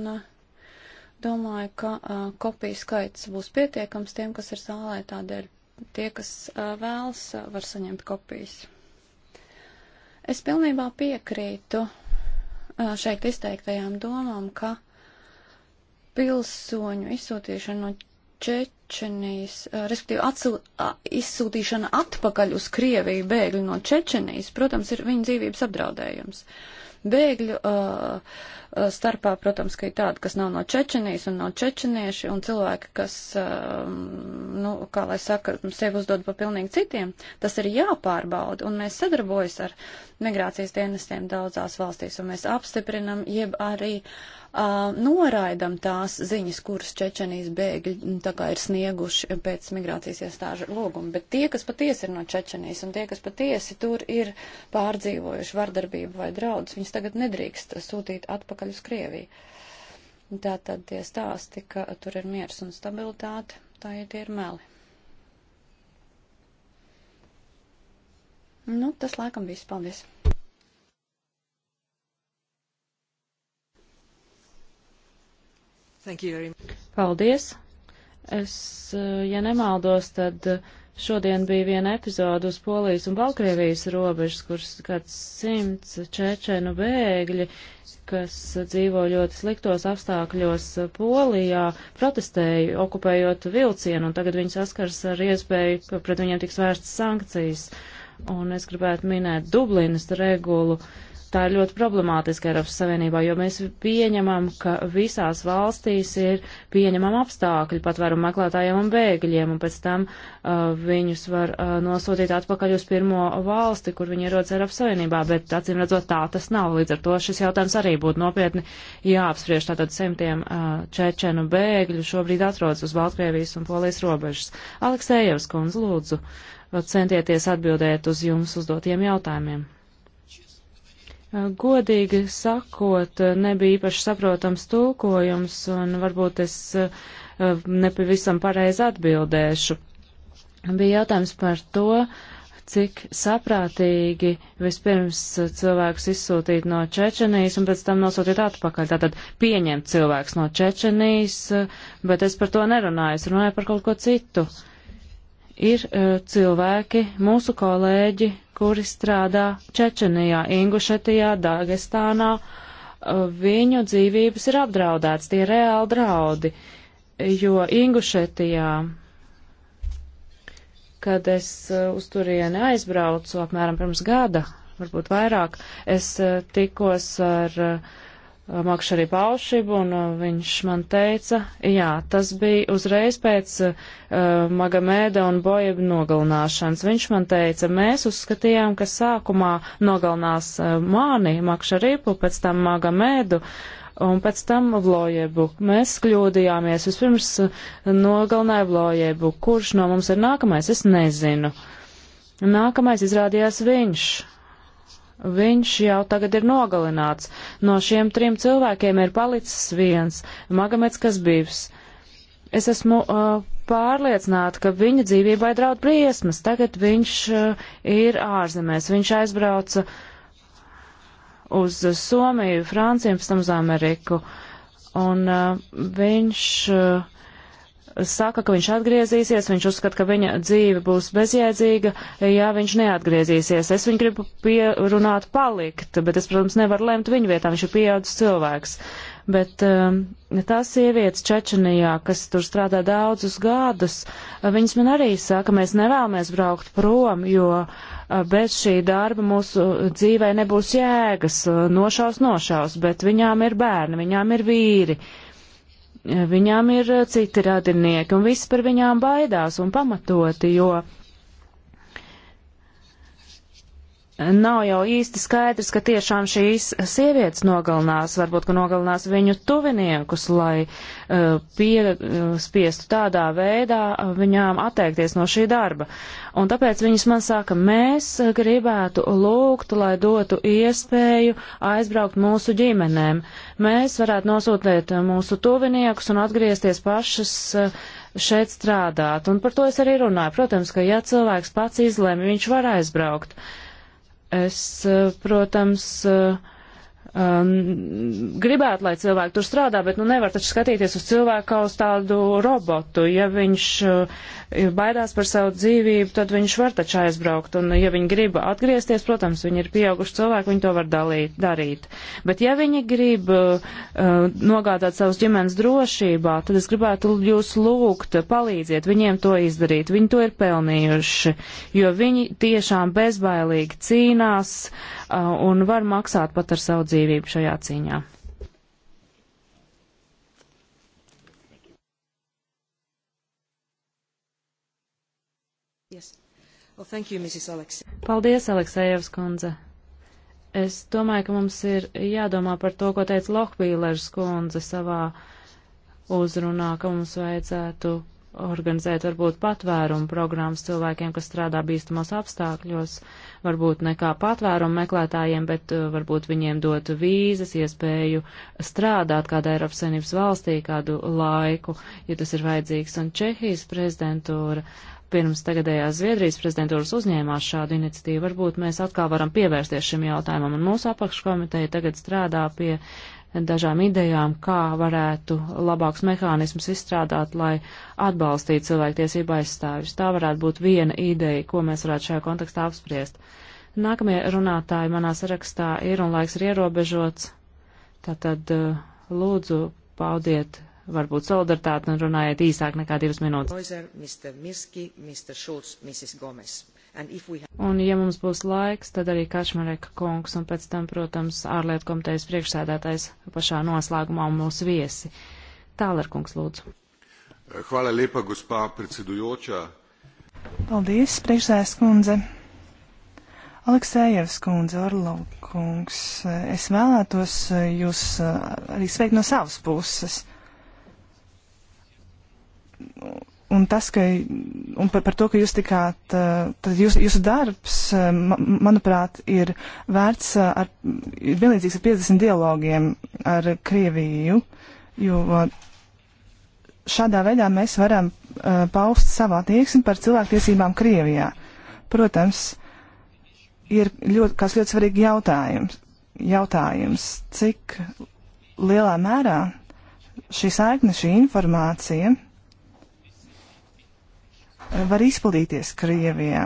Domāju, ka uh, kopiju skaits būs pietiekams tiem, kas ir zālē, tādēļ tie, kas uh, vēlas, uh, var saņemt kopijas. Es pilnībā piekrītu uh, šeit izteiktajām domām, ka pilsoņu izsūtīšana no Čečenijas, respektīvi atsū, izsūtīšana atpakaļ uz Krieviju bēgļu no Čečenijas, protams, ir viņa dzīvības apdraudējums. Uh, Bēgļu uh, starpā, protams, ka ir tādi, kas nav no Čečenijas un nav čečenieši, un cilvēki, kas, uh, nu, kā lai saka, sevi uzdod pa pilnīgi citiem, tas ir jāpārbauda, un mēs sadarbojas ar migrācijas dienestiem daudzās valstīs, un mēs apstiprinam, jeb arī uh, noraidam tās ziņas, kuras Čečenijas bēgļi nu, tā kā ir snieguši pēc migrācijas iestāžu lūguma. Bet tie, kas patiesi ir no Čečenijas, un tie, kas patiesi tur ir pārdzīvojuši vardarbību vai draudus, viņus tagad nedrīkst sūtīt atpakaļ uz Krieviju. Tātad tie stāsti, ka tur ir miers un stabilitāte, tā ir tie ir meli. Nu, tas laikam viss. Paldies! Paldies! Es, eh, ja nemaldos, tad eh, šodien bija viena epizode uz Polijas un Baltkrievijas robežas, kuras kāds simts čečenu bēgļi, kas eh, dzīvo ļoti sliktos apstākļos Polijā, protestēja, okupējot vilcienu, un tagad viņi saskars ar iespēju, pret viņiem tiks vērstas sankcijas. Uh, Un es gribētu minēt Dublinas regulu, uh, tā ir ļoti problemātiska Eiropas Savienībā, jo mēs pieņemam, ka visās valstīs ir pieņemam apstākļi patvērumu meklētājiem un bēgļiem, un pēc tam uh, viņus var uh, nosūtīt atpakaļ uz pirmo valsti, kur viņi ierodas Eiropas Savienībā, bet acīm redzot tā tas nav. Līdz ar to šis jautājums arī būtu nopietni jāapspriež. Tātad simtiem uh, čečenu bēgļu šobrīd atrodas uz Baltkrievijas un Polijas robežas. Aleksējevs kundz, lūdzu, centieties atbildēt uz jums uzdotiem jautājumiem. Eh, godīgi sakot, eh, nebija īpaši saprotams tulkojums, un varbūt es eh, nepavisam pareizi atbildēšu. Bija jautājums par to, cik saprātīgi vispirms cilvēkus izsūtīt no Čečenijas un pēc tam nosūtīt atpakaļ. Tātad pieņemt cilvēks no Čečenijas, bet es par to nerunāju, es runāju par kaut ko citu. Uh, ir uh, cilvēki, mūsu kolēģi, kuri strādā Čečenijā, Ingušetijā, Dagestānā. Uh, viņu dzīvības ir apdraudēts, tie ir reāli draudi, jo Ingušetijā, kad es uh, uz turieni aizbraucu apmēram pirms gada, varbūt vairāk, es tikos ar uh, Uh, makšu arī paušību, un uh, viņš man teica, jā, tas bija uzreiz pēc uh, Magamēda un Bojeba nogalināšanas. Viņš man teica, mēs uzskatījām, ka sākumā nogalinās uh, mani, makšu ripu, pēc tam Magamēdu. Un pēc tam Vlojebu. Mēs kļūdījāmies. Vispirms uh, nogalināja Vlojebu. Kurš no mums ir nākamais? Es nezinu. Nākamais izrādījās viņš. Viņš jau tagad ir nogalināts. No šiem trim cilvēkiem ir palicis viens - Magamets Kasbīvs. Es esmu uh, pārliecināta, ka viņa dzīvībai draud briesmas. Tagad viņš uh, ir ārzemēs. Viņš aizbrauca uz Somiju, Franciju, pēc tam uz Ameriku. Un uh, viņš. Uh, saka, ka viņš atgriezīsies, viņš uzskata, ka viņa dzīve būs bezjēdzīga, ja viņš neatgriezīsies. Es viņu gribu pierunāt palikt, bet es, protams, nevaru lemt viņu vietā, viņš ir pieaudzis cilvēks. Bet um, tās sievietes Čečenijā, kas tur strādā daudzus gadus, viņas man arī saka, mēs nevēlamies braukt prom, jo uh, bez šī darba mūsu dzīvē nebūs jēgas, uh, nošaus, nošaus, bet viņām ir bērni, viņām ir vīri. Uh, Viņām ir eh, citi radinieki, un viss par viņām baidās un pamatoti, jo Nav jau īsti skaidrs, ka tiešām šīs sievietes nogalinās, varbūt, ka nogalinās viņu tuviniekus, lai uh, piespiestu uh, tādā veidā uh, viņām atteikties no šī darba. Un tāpēc viņas man saka, mēs gribētu lūgt, lai dotu iespēju aizbraukt mūsu ģimenēm. Mēs varētu nosūtīt mūsu tuviniekus un atgriezties pašas. Uh, šeit strādāt. Un par to es arī runāju. Protams, ka ja cilvēks pats izlēma, viņš var aizbraukt. Uh, Es, eh, protams, uh, um, gribētu, lai cilvēki tur strādā, bet nu nevar taču skatīties uz cilvēku kā uz tādu robotu. Ja viņš uh, baidās par savu dzīvību, tad viņš var taču aizbraukt. Un ja viņi grib atgriezties, protams, viņi ir pieauguši cilvēki, viņi to var dalīt, darīt. Bet ja viņi grib uh, nogādāt savus ģimenes drošībā, tad es gribētu jūs lūgt, uh, palīdziet viņiem to izdarīt. Viņi to ir pelnījuši, jo viņi tiešām bezbailīgi cīnās. Uh, Uh, un var maksāt pat ar savu dzīvību šajā cīņā. Yes. Well, thank you, Mrs. Alex. Paldies, Aleksējevs kundze. Es domāju, ka mums ir jādomā par to, ko teica Lohbīlers kundze savā uzrunā, ka mums vajadzētu organizēt varbūt patvērumu programmas cilvēkiem, kas strādā bīstamos apstākļos, varbūt ne kā patvērumu meklētājiem, bet uh, varbūt viņiem dot vīzas, iespēju strādāt kādā Eiropas Savienības valstī kādu laiku, ja tas ir vajadzīgs. Un Čehijas prezidentūra pirms tagadējās Zviedrijas prezidentūras uzņēmās šādu iniciatīvu. Varbūt mēs atkal varam pievērsties šim jautājumam, un mūsu apakškomiteja tagad strādā pie uh, dažām idejām, kā varētu labāks mehānisms izstrādāt, lai atbalstītu cilvēktiesību aizstāvjus. Tā varētu būt viena ideja, ko mēs varētu šajā kontekstā apspriest. Nākamie runātāji manā sarakstā ir un laiks ir ierobežots, tātad uh, lūdzu paudiet varbūt solidaritāti un runājiet īsāk nekā divas minūtes. Noizer, Mr. Miski, Mr. Schulz, Mrs. Gomez. Un, ja mums būs laiks, tad arī Kačmareka kungs un pēc tam, protams, ārlietu komitejas priekšsēdētājs pašā noslēgumā un mūsu viesi. Tāler kungs, lūdzu. Hvala lepa, gospā predsedujočā. Paldies, priekšsēdētājs kundze. Aleksējevs kundze, Orlov kungs, es vēlētos jūs eh, arī sveikt no savas puses un tas, ka un par, par to, ka jūs tikāt, tad jūs, jūsu darbs, manuprāt, ir vērts ar, ir vienlīdzīgs ar 50 dialogiem ar Krieviju, jo šādā veidā mēs varam uh, paust savu attieksmi par cilvēktiesībām Krievijā. Protams, ir ļoti, kāds ļoti svarīgi jautājums, jautājums, cik lielā mērā šī saikne, šī informācija, var izplatīties Krievijā.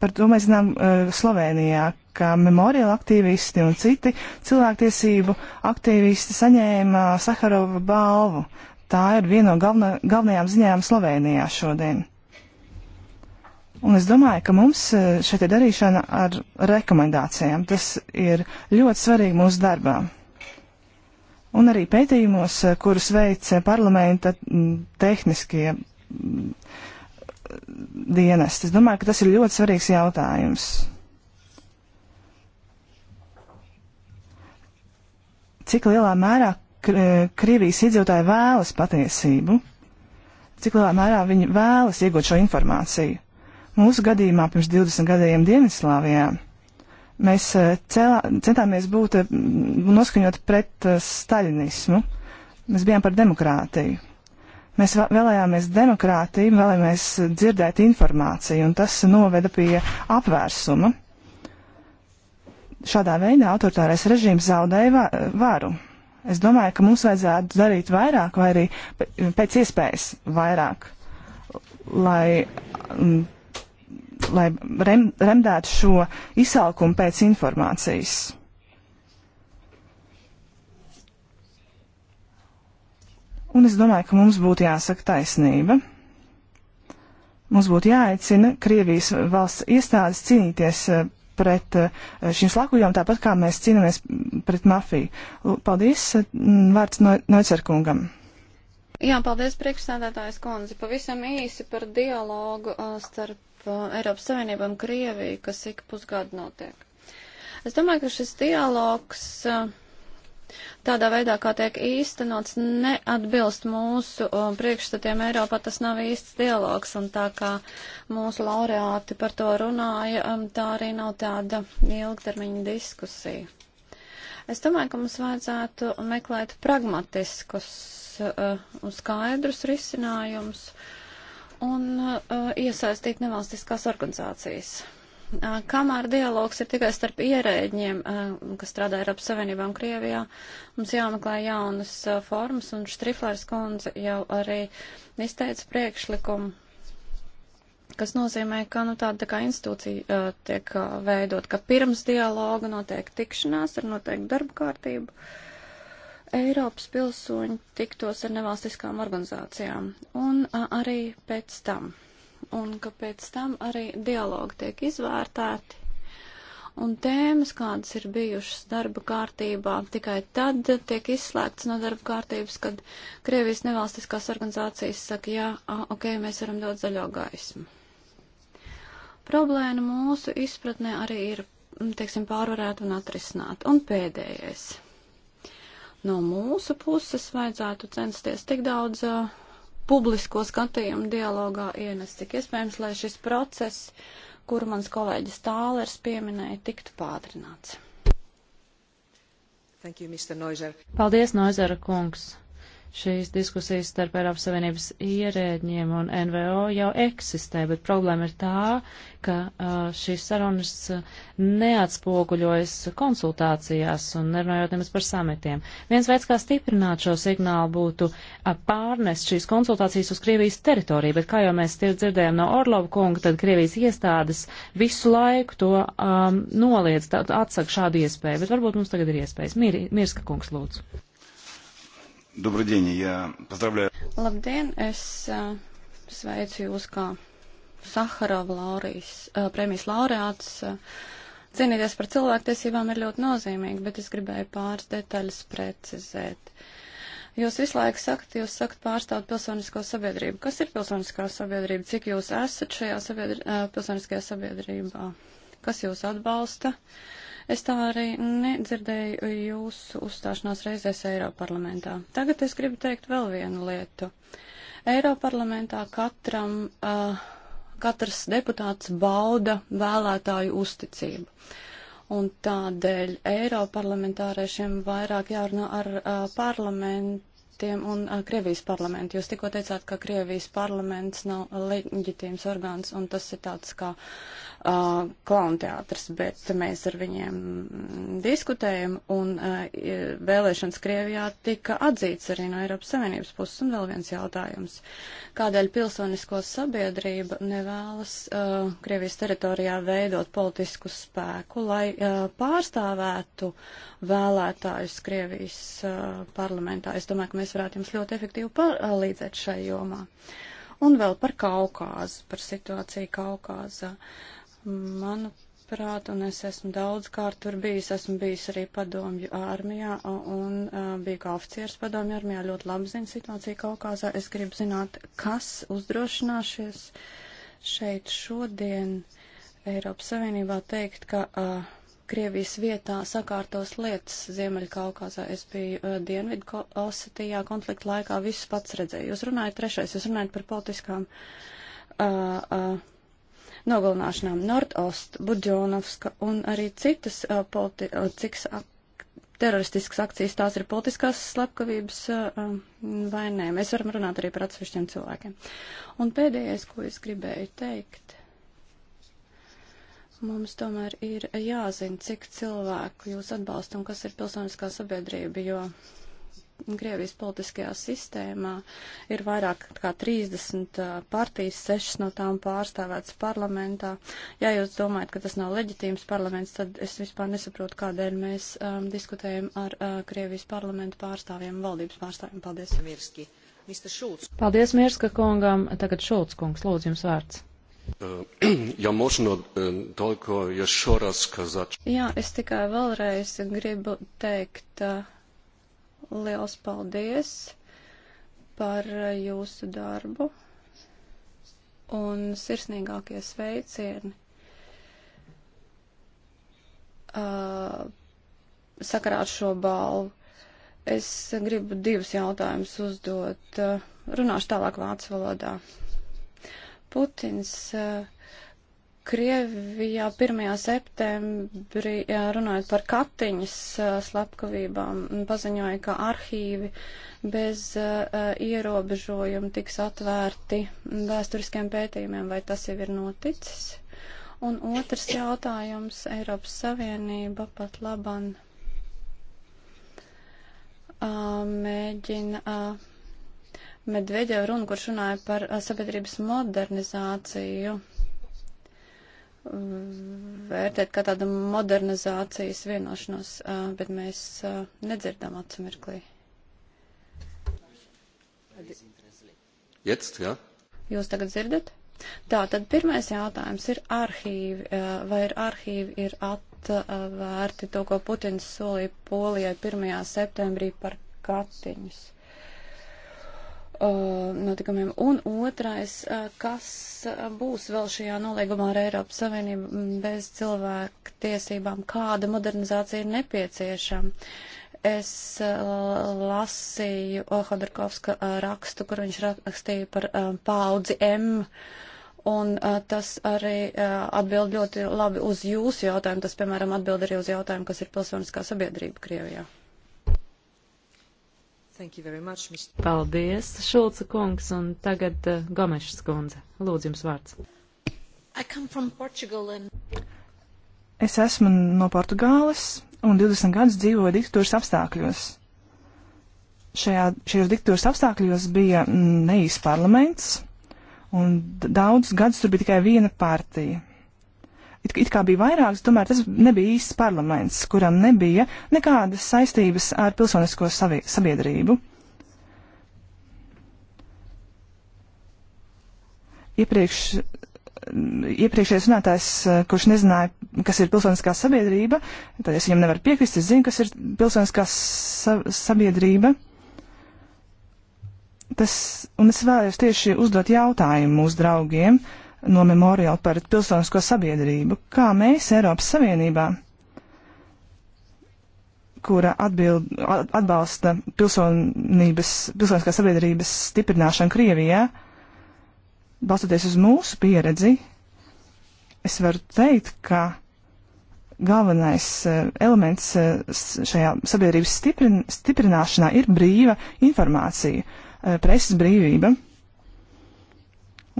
Par to mēs zinām uh, Slovenijā, ka memoriāla aktīvisti un citi cilvēktiesību aktīvisti saņēma Saharova balvu. Tā ir viena no galvenā, galvenajām ziņām Slovenijā šodien. Un es domāju, ka mums eh, šeit ir darīšana ar rekomendācijām. Tas ir ļoti svarīgi mūsu darbām. Un arī pētījumos, eh, kurus veic eh, parlamenta mm, tehniskie mm, dienesti. Es domāju, ka tas ir ļoti svarīgs jautājums. Cik lielā mērā Krievijas iedzīvotāji vēlas patiesību? Cik lielā mērā viņi vēlas iegūt šo informāciju? Mūsu gadījumā pirms 20 gadiem Dienvidslāvijā Mēs eh, celā, centāmies būt eh, noskaņot pret eh, staļinismu. Mēs bijām par demokrātiju. Mēs vēlējāmies demokrātiju, vēlējāmies dzirdēt informāciju, un tas noveda pie apvērsuma. Šādā veidā autoritārais režīms zaudēja varu. Es domāju, ka mums vajadzētu darīt vairāk, vai arī pēc iespējas vairāk, lai mm, lai rem, remdētu šo izsalkumu pēc informācijas. Un es domāju, ka mums būtu jāsaka taisnība. Mums būtu jāaicina Krievijas valsts iestādes cīnīties eh, pret eh, šīm slakujām, tāpat kā mēs cīnāmies pret mafiju. Paldies, eh, vārds Noicerkungam. No Jā, paldies priekšsēdētājs kundze. Pavisam īsi par dialogu starp starp uh, Eiropas Savienību un Krieviju, kas ik pusgadu notiek. Es domāju, ka šis dialogs uh, tādā veidā, kā tiek īstenots, neatbilst mūsu uh, priekšstatiem Eiropā. Tas nav īsts dialogs, un tā kā mūsu laureāti par to runāja, um, tā arī nav tāda ilgtermiņa diskusija. Es domāju, ka mums vajadzētu meklēt pragmatiskus un skaidrus risinājumus. Uh, un uh, iesaistīt nevalstiskās organizācijas. Uh, kamēr dialogs ir tikai starp ierēģiem, uh, kas strādā Eiropas Savienībā un Krievijā, mums jāmeklē jaunas uh, formas, un Štriflērs kundze jau arī izteica priekšlikumu, kas nozīmē, ka nu, tāda tā kā institūcija uh, tiek uh, veidot, ka pirms dialoga notiek tikšanās ar noteiktu darbu kārtību. Uh, Eiropas pilsoņi tiktos ar nevalstiskām organizācijām un a, arī pēc tam. Un ka pēc tam arī dialogi tiek izvērtēti. Un tēmas, kādas ir bijušas darba kārtībā, tikai tad tiek izslēgts no darba kārtības, kad Krievijas nevalstiskās organizācijas saka, jā, a, ok, mēs varam dot zaļo gaismu. Problēma mūsu izpratnē arī ir, teiksim, pārvarēta un atrisināta. Un pēdējais. No mūsu puses vajadzētu censties tik daudz uh, publisko skatījumu dialogā ienest, cik iespējams, lai šis process, kuru mans kolēģis Tālers pieminēja, tiktu pātrināts. You, Paldies, Noizera kungs. Šīs diskusijas starp Eiropas Savienības ierēģiem un NVO jau eksistē, bet problēma ir tā, ka šīs sarunas neatspoguļojas konsultācijās un nerunājot nemaz par samitiem. Viens veids, kā stiprināt šo signālu, būtu pārnest šīs konsultācijas uz Krievijas teritoriju, bet kā jau mēs tie dzirdējām no Orlova kunga, tad Krievijas iestādes visu laiku to um, noliedz, atsaka šādu iespēju, bet varbūt mums tagad ir iespējas. Mir, Mirska kungs, lūdzu. Добрый день, я поздравляю. Labdien, es uh, sveicu jūs kā Saharova laurijas, uh, э, prēmijas laureāts. Uh, cīnīties par cilvēktiesībām ir ļoti nozīmīgi, bet es gribēju pāris detaļas precizēt. Jūs visu laiku sakat, jūs sakat pārstāvot pilsonisko sabiedrību. Kas ir pilsoniskā sabiedrība? Cik jūs esat šajā sabiedri, pilsoniskajā sabiedrībā? Kas jūs atbalsta? Uh, Es tā arī nedzirdēju jūsu uzstāšanās reizēs Eiroparlamentā. Tagad es gribu teikt vēl vienu lietu. Eiroparlamentā katram, uh, katrs deputāts bauda vēlētāju uzticību. Un tādēļ Eiroparlamentāriešiem vairāk jārunā ar uh, eh, parlamentu parlamentiem un uh, Krievijas parlamentu. Jūs tikko teicāt, ka Krievijas parlaments nav leģitīms orgāns, un tas ir tāds kā uh, klaunteātrs, bet mēs ar viņiem diskutējam, un uh, vēlēšanas Krievijā tika atzīts arī no Eiropas Savienības puses. Un vēl viens jautājums. Kādēļ pilsonisko sabiedrība nevēlas uh, Krievijas teritorijā veidot politisku spēku, lai uh, pārstāvētu vēlētājus Krievijas uh, parlamentā? Es domāju, ka mēs varētu jums ļoti efektīvi palīdzēt šai jomā. Un vēl par Kaukāzu, par situāciju Kaukāzā. Uh, Manuprāt, un es esmu daudz kārt tur bijis, esmu bijis arī padomju armijā un uh, biju kā oficieris padomju armijā, ļoti labi zinu situāciju Kaukāzā. Es gribu zināt, kas uzdrošināšies šeit šodien Eiropas Savienībā teikt, ka uh, Krievijas vietā sakārtos lietas Ziemeļkaukāzā. Es biju uh, Dienvidu Osetijā konflikta laikā, visus pats redzēju. Jūs runājat trešais, jūs runājat par politiskām. Uh, uh, nogalināšanām Nordost, Budžonovska un arī citas uh, politi, uh, ciks, ak teroristiskas akcijas, tās ir politiskās slepkavības uh, vai nē. Mēs varam runāt arī par atsevišķiem cilvēkiem. Un pēdējais, ko es gribēju teikt, mums tomēr ir jāzina, cik cilvēku jūs atbalstam, kas ir pilsoniskā sabiedrība, jo Krievijas politiskajā sistēmā ir vairāk kā 30 partijas, 6 no tām pārstāvētas parlamentā. Ja jūs domājat, ka tas nav leģitīms parlaments, tad es vispār nesaprotu, kādēļ mēs um, diskutējam ar uh, Krievijas parlamentu pārstāvjiem, valdības pārstāvjiem. Paldies. Mirski. Paldies, Mirska kungam. Tagad Šulc kungs, lūdzu jums vārds. Ja možno toliko još šoraz kazać. Jā, es tikai vēlreiz gribu teikt, Liels paldies par jūsu darbu un sirsnīgākie sveicieni. Uh, sakarā ar šo balvu. Es gribu divus jautājumus uzdot. Uh, runāšu tālāk vācu valodā. Putins uh, Krievijā 1. septembrī runājot par Katiņas slepkavībām, paziņoja, ka arhīvi bez uh, ierobežojuma tiks atvērti vēsturiskiem pētījumiem, vai tas jau ir noticis. Un otrs jautājums - Eiropas Savienība pat laban uh, mēģina. Uh, Medveģeva runu, kurš runāja par sabiedrības modernizāciju, vērtēt kā tādu modernizācijas vienošanos, bet mēs nedzirdam atsimirklī. Jetzt, jā. Jūs tagad dzirdat? Tā, tad pirmais jautājums ir arhīvi, vai ir arhīvi ir atvērti to, ko Putins solīja Polijai 1. septembrī par katiņus. Uh, notikumiem. Un otrais, uh, kas uh, būs vēl šajā nolīgumā ar Eiropas Savienību mm, bez cilvēku tiesībām, kāda modernizācija ir nepieciešama. Es lasīju Ohodorkovska rakstu, kur viņš rakstīja par paudzi M. Un uh, tas arī uh, atbild ļoti labi uz jūsu jautājumu. Tas, piemēram, atbild arī uz jautājumu, kas ir pilsoniskā sabiedrība Krievijā. Much, Paldies, Šulca kungs, un tagad uh, eh, Gomešas kundze. Lūdzu, jums vārds. And... Es esmu no Portugāles un 20 gadus dzīvoju diktatūras apstākļos. Šajā, šajos diktatūras apstākļos bija mm, neīs parlaments, un daudzus gadus tur bija tikai viena partija it, it kā bija vairākas, tomēr tas nebija īsts parlaments, kuram nebija nekādas saistības ar pilsonisko savie, sabiedrību. Iepriekš, iepriekšējais runātājs, kurš nezināja, kas ir pilsoniskā sabiedrība, tad es viņam nevaru piekrist, es zinu, kas ir pilsoniskā sa sabiedrība. Tas, un es vēlējos tieši uzdot jautājumu mūsu draugiem, uh, no memoriāla par pilsonisko sabiedrību, kā mēs Eiropas Savienībā, kura atbild, atbalsta pilsonības, pilsoniskās sabiedrības stiprināšanu Krievijā, balstoties uz mūsu pieredzi, es varu teikt, ka galvenais uh, elements uh, šajā sabiedrības stiprin, stiprināšanā ir brīva informācija, uh, preses brīvība.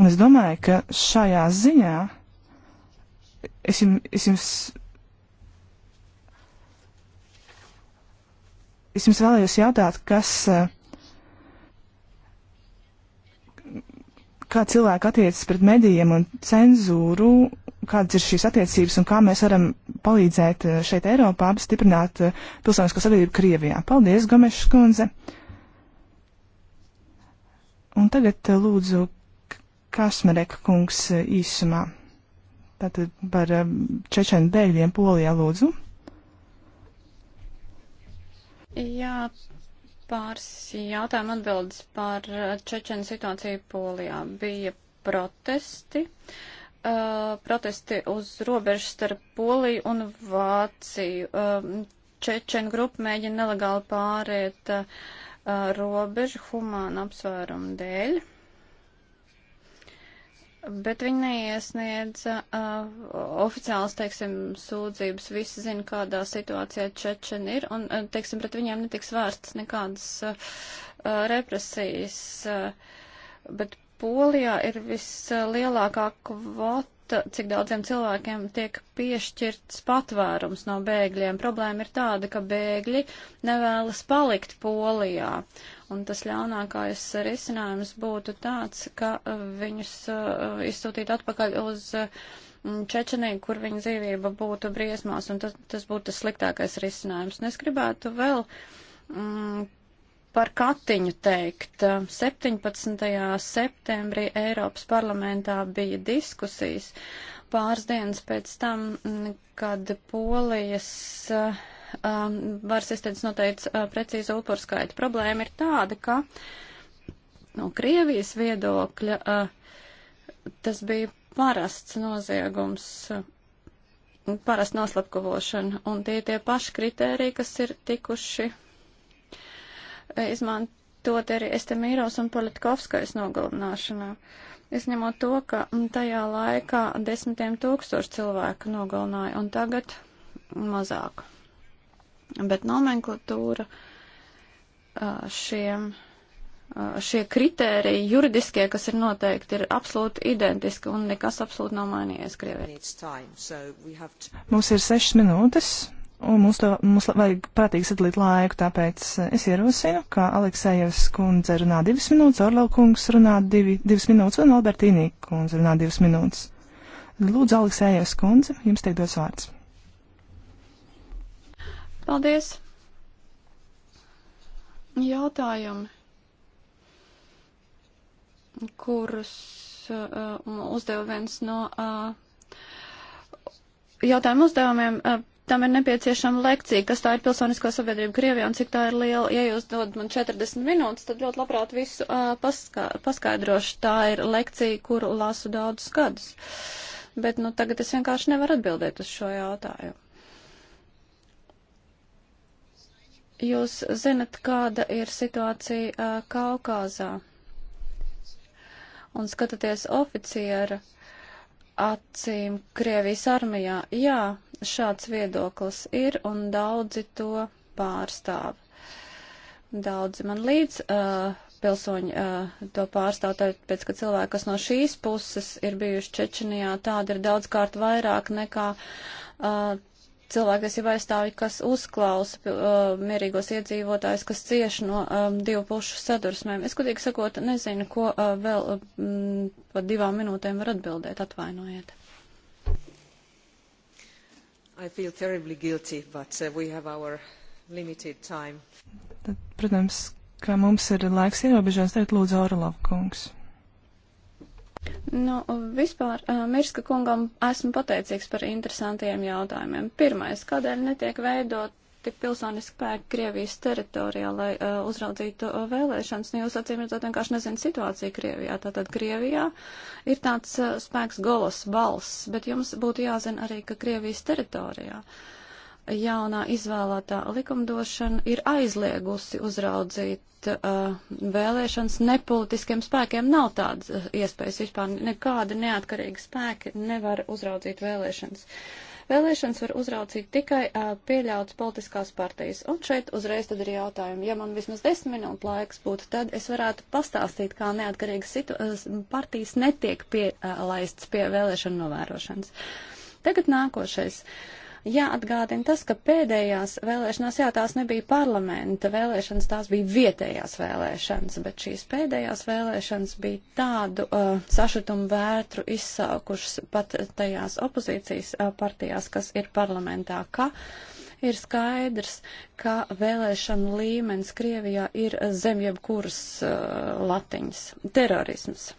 Un es domāju, ka šajā ziņā es, jum, es jums. Es jums vēlējos jautāt, kas, kā cilvēki attiecas pret medijiem un cenzūru, kādas ir šīs attiecības un kā mēs varam palīdzēt eh, šeit Eiropā apstiprināt eh, pilsonisko sabiedrību Krievijā. Paldies, Gomeša skundze! Un tagad eh, lūdzu Kasmereka kungs eh, īsumā. Tātad par eh, čečenu bēgļiem Polijā lūdzu. Jā, pāris jautājumu atbildes par eh, čečenu situāciju Polijā. Bija protesti. Uh, protesti uz robežas starp Poliju un Vāciju. Uh, čečenu grupa mēģina nelegāli pāriet uh, robežu humāna apsvērumu dēļ. Uh, Bet viņi neiesniedz uh, oficiāls, teiksim, sūdzības. Visi zina, kādā situācijā Čečeni ir, un, uh, teiksim, pret viņiem netiks vērstas nekādas uh, uh, represijas. Uh, bet Polijā ir vislielākā kvota pat, cik daudziem cilvēkiem tiek piešķirts patvērums no bēgļiem. Problēma ir tāda, ka bēgļi nevēlas palikt Polijā. Un tas ļaunākais risinājums būtu tāds, ka uh, viņus uh, izsūtīt atpakaļ uz uh, Čečeniju, kur viņa dzīvība būtu briesmās, un tas, tas būtu tas sliktākais risinājums. Un es gribētu vēl mm, par Katiņu teikt. 17. septembrī Eiropas parlamentā bija diskusijas pāris dienas pēc tam, mm, kad Polijas um, varas iestādes noteica uh, precīzu upuru skaitu. Problēma ir tāda, ka no Krievijas viedokļa uh, tas bija parasts noziegums. Uh, parasti noslapkavošana, un tie tie paši kritēriji, kas ir tikuši izmantot arī Estemīros un Politkovskais nogalināšanā. Izņemot to, ka tajā laikā desmitiem tūkstoši cilvēku nogalināja un tagad mazāk. Bet nomenklatūra šiem šie kritēriji juridiskie, kas ir noteikti, ir absolūti identiski un nekas absolūti nav mainījies Krievijā. So to... Mums ir sešas minūtes. Un mums, to, mums vajag prātīgi sadalīt laiku, tāpēc eh, es ierosinu, ka Aleksējevs kundze runā divas minūtes, Orlau kungs runā divi, divas minūtes un Albertīnī kundze runā divas minūtes. Lūdzu, Aleksējevs kundze, jums tiek dots vārds. Paldies. Jautājumi, kurus uh, uzdeva viens no uh, eh, jautājumu uzdevumiem. Uh, tam ir nepieciešama lekcija, kas tā ir pilsoniskā sabiedrība Krievijā un cik tā ir liela. Ja jūs dod man 40 minūtes, tad ļoti labprāt visu uh, paskā, paskaidrošu. Tā ir lekcija, kuru lasu daudzus gadus. Bet nu, tagad es vienkārši nevaru atbildēt uz šo jautājumu. Jūs zinat, kāda ir situācija uh, Kaukāzā un skatāties oficiera. Uh, acīm Krievijas armijā. Jā, šāds viedoklis ir un daudzi to pārstāv. Daudzi man līdz uh, pilsoņi uh, to pārstāv, tāpēc, ka cilvēki, kas no šīs puses ir bijuši Čečenijā, tāda ir daudz kārt vairāk nekā uh, cilvēktiesība aizstāvji, kas uzklausa uh, mierīgos iedzīvotājus, kas cieš no um, divu pušu sadursmēm. Es, godīgi sakot, nezinu, ko uh, vēl um, uh, par divām minūtēm var atbildēt. Atvainojiet. I feel terribly guilty, but uh, we have our limited time. Tad, protams, kā mums ir laiks ierobežots, tagad lūdzu Orlov kungs. Nu, vispār uh, Mirska kungam esmu pateicīgs par interesantiem jautājumiem. Pirmais, kādēļ netiek veidot tik pilsoniski spēki Krievijas teritorijā, lai uh, uzraudzītu uh, vēlēšanas. Nu, jūs acīm redzot vienkārši nezinu situāciju Krievijā. Tātad Krievijā ir tāds uh, spēks golas balss, bet jums būtu jāzina arī, ka Krievijas teritorijā uh, jaunā izvēlētā likumdošana ir aizliegusi uzraudzīt uh, vēlēšanas nepolitiskiem spēkiem. Nav tādas uh, iespējas vispār. Nekādi neatkarīgi spēki nevar uzraudzīt vēlēšanas. Vēlēšanas var uzraudzīt tikai uh, pieļauts politiskās partijas. Un šeit uzreiz tad ir jautājumi. Ja man vismaz desmit minūtu laiks būtu, tad es varētu pastāstīt, kā neatkarīgas uh, partijas netiek pielaists uh, pie vēlēšanu novērošanas. Tagad nākošais. Uh, Jāatgādina tas, ka pēdējās vēlēšanās, jā, tās nebija parlamenta vēlēšanas, tās bija vietējās vēlēšanas, bet šīs pēdējās vēlēšanas bija tādu uh, sašutumu vētru izsaukušas pat tajās opozīcijas uh, partijās, kas ir parlamentā, ka ir skaidrs, ka vēlēšana līmenis Krievijā ir zem jebkuras uh, latiņas - terorisms.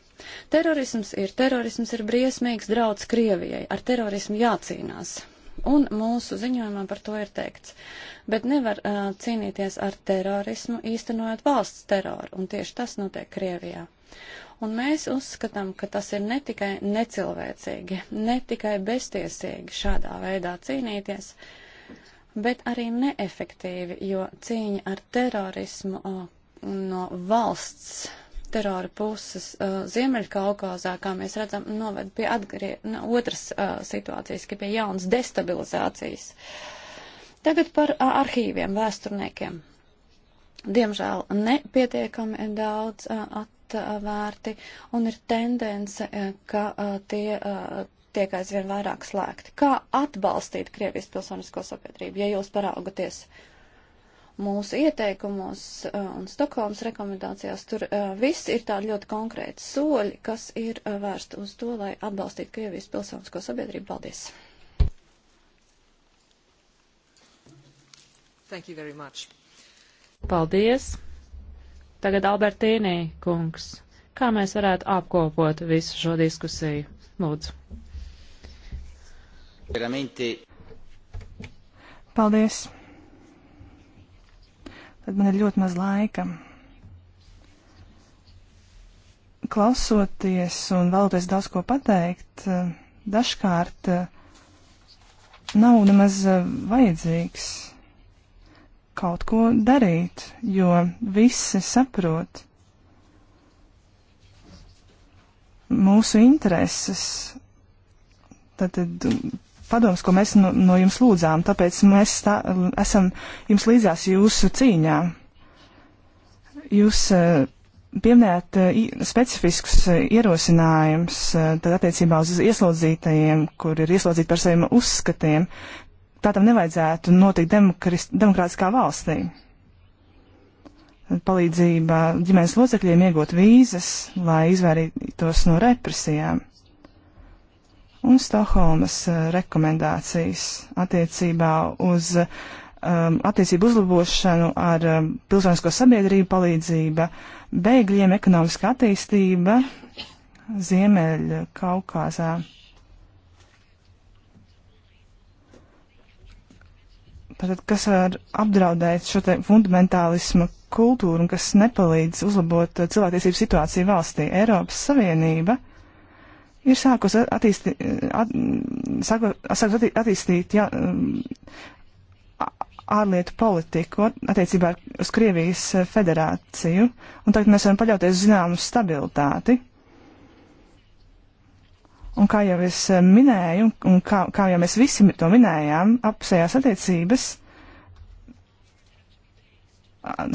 Terorisms ir, terorisms ir briesmīgs drauds Krievijai, ar terorismu jācīnās un mūsu ziņojumā par to ir teikts. Bet nevar uh, cīnīties ar terorismu, īstenojot valsts teroru, un tieši tas notiek Krievijā. Un mēs uzskatām, ka tas ir ne tikai necilvēcīgi, ne tikai beztiesīgi šādā veidā cīnīties, bet arī neefektīvi, jo cīņa ar terorismu o, no valsts terora puses uh, Ziemeļkaukāzā, kā mēs redzam, noved pie atgrie, no, otras uh, situācijas, ka pie jaunas destabilizācijas. Tagad par uh, arhīviem, vēsturniekiem. Diemžēl nepietiekami daudz uh, atvērti un ir tendence, uh, ka uh, tie. Uh, tiek aizvien vairāk slēgti. Kā atbalstīt Krievijas pilsonisko sabiedrību, ja jūs paraugaties mūsu ieteikumos uh, un Stokholmas rekomendācijās. Tur uh, viss ir tādi ļoti konkrēti soļi, kas ir uh, vērsti uz to, lai atbalstītu Krievijas pilsonisko sabiedrību. Paldies! Thank you very much. Paldies! Tagad Albertīnī, kungs. Kā mēs varētu apkopot visu šo diskusiju? Lūdzu. Paldies! tad man ir ļoti maz laika. Klausoties un vēloties daudz ko pateikt, dažkārt eh, nav nemaz eh, vajadzīgs kaut ko darīt, jo visi saprot mūsu intereses. Tad, tad padoms, ko mēs no, nu, no jums lūdzām, tāpēc mēs tā, esam jums līdzās jūsu cīņā. Jūs eh, pieminējāt eh, specifiskus eh, ierosinājumus tad attiecībā uz ieslodzītajiem, kur ir ieslodzīti par saviem uzskatiem. Tā tam nevajadzētu notikt demokrātiskā valstī. Palīdzība ģimenes locekļiem iegūt vīzas, lai izvairītos no represijām un Stokholmas eh, rekomendācijas attiecībā uz um, attiecību uzlabošanu ar um, pilsonisko sabiedrību palīdzība, bēgļiem ekonomiska attīstība Ziemeļa Kaukāzā. Tātad, kas var apdraudēt šo te fundamentālismu kultūru un kas nepalīdz uzlabot eh, cilvēktiesību situāciju valstī? Eiropas Savienība ir sākus attīstīt, at, sākus attī, attīstīt ja, um, ārlietu politiku attiecībā uz Krievijas federāciju, un tagad mēs varam paļauties zināmu stabilitāti. Un kā jau es eh, minēju, un kā, kā jau mēs visi to minējām, apusējās attiecības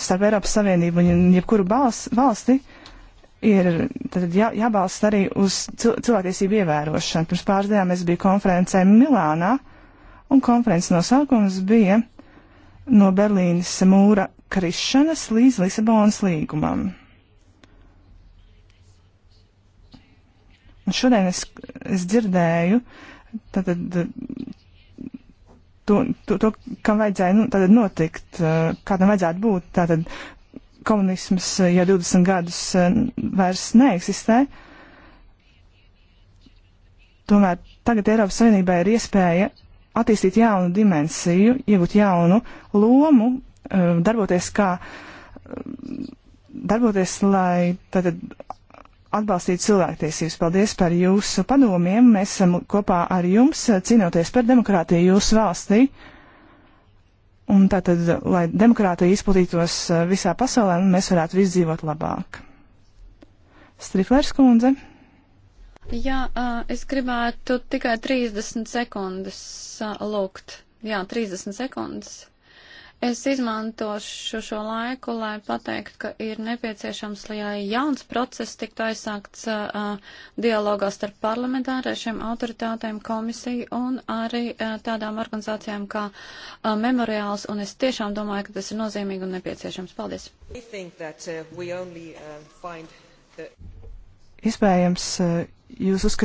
starp Eiropas Savienību un jebkuru balst, valsti ir jā, jābalsta arī uz cil cilvēktiesību ievērošanu. Pirms pāris dienām es biju konferencē Milānā, un konferences nosaukums bija no Berlīnas mūra krišanas līdz Lisabonas līgumam. Un šodien es, es dzirdēju tātad, to, to, to, kam vajadzēja nu, notikt, kādam vajadzētu būt tātad, komunisms eh, jau 20 gadus eh, vairs neeksistē. Tomēr tagad Eiropas Savienībā ir iespēja attīstīt jaunu dimensiju, iegūt jaunu lomu, eh, darboties kā, darboties, lai tātad atbalstītu cilvēktiesības. Paldies par jūsu padomiem. Mēs esam kopā ar jums cīnoties par demokrātiju jūsu valstī. Un tātad, lai demokrātija izplatītos uh, visā pasaulē, mēs varētu visi dzīvot labāk. Striflers kundze. Jā, uh, es gribētu tikai 30 sekundes uh, lūgt. Jā, 30 sekundes. Es izmantošu šo laiku, lai pateiktu, ka ir nepieciešams, lai jauns process tiktu aizsākts uh, dialogā starp parlamentāriešiem, autoritātēm, komisiju un arī uh, tādām organizācijām kā uh, memoriāls. Un es tiešām domāju, ka tas ir nozīmīgi un nepieciešams. Paldies! That, uh, only, uh, the... Iespējams, uh, jūs uzskatāt.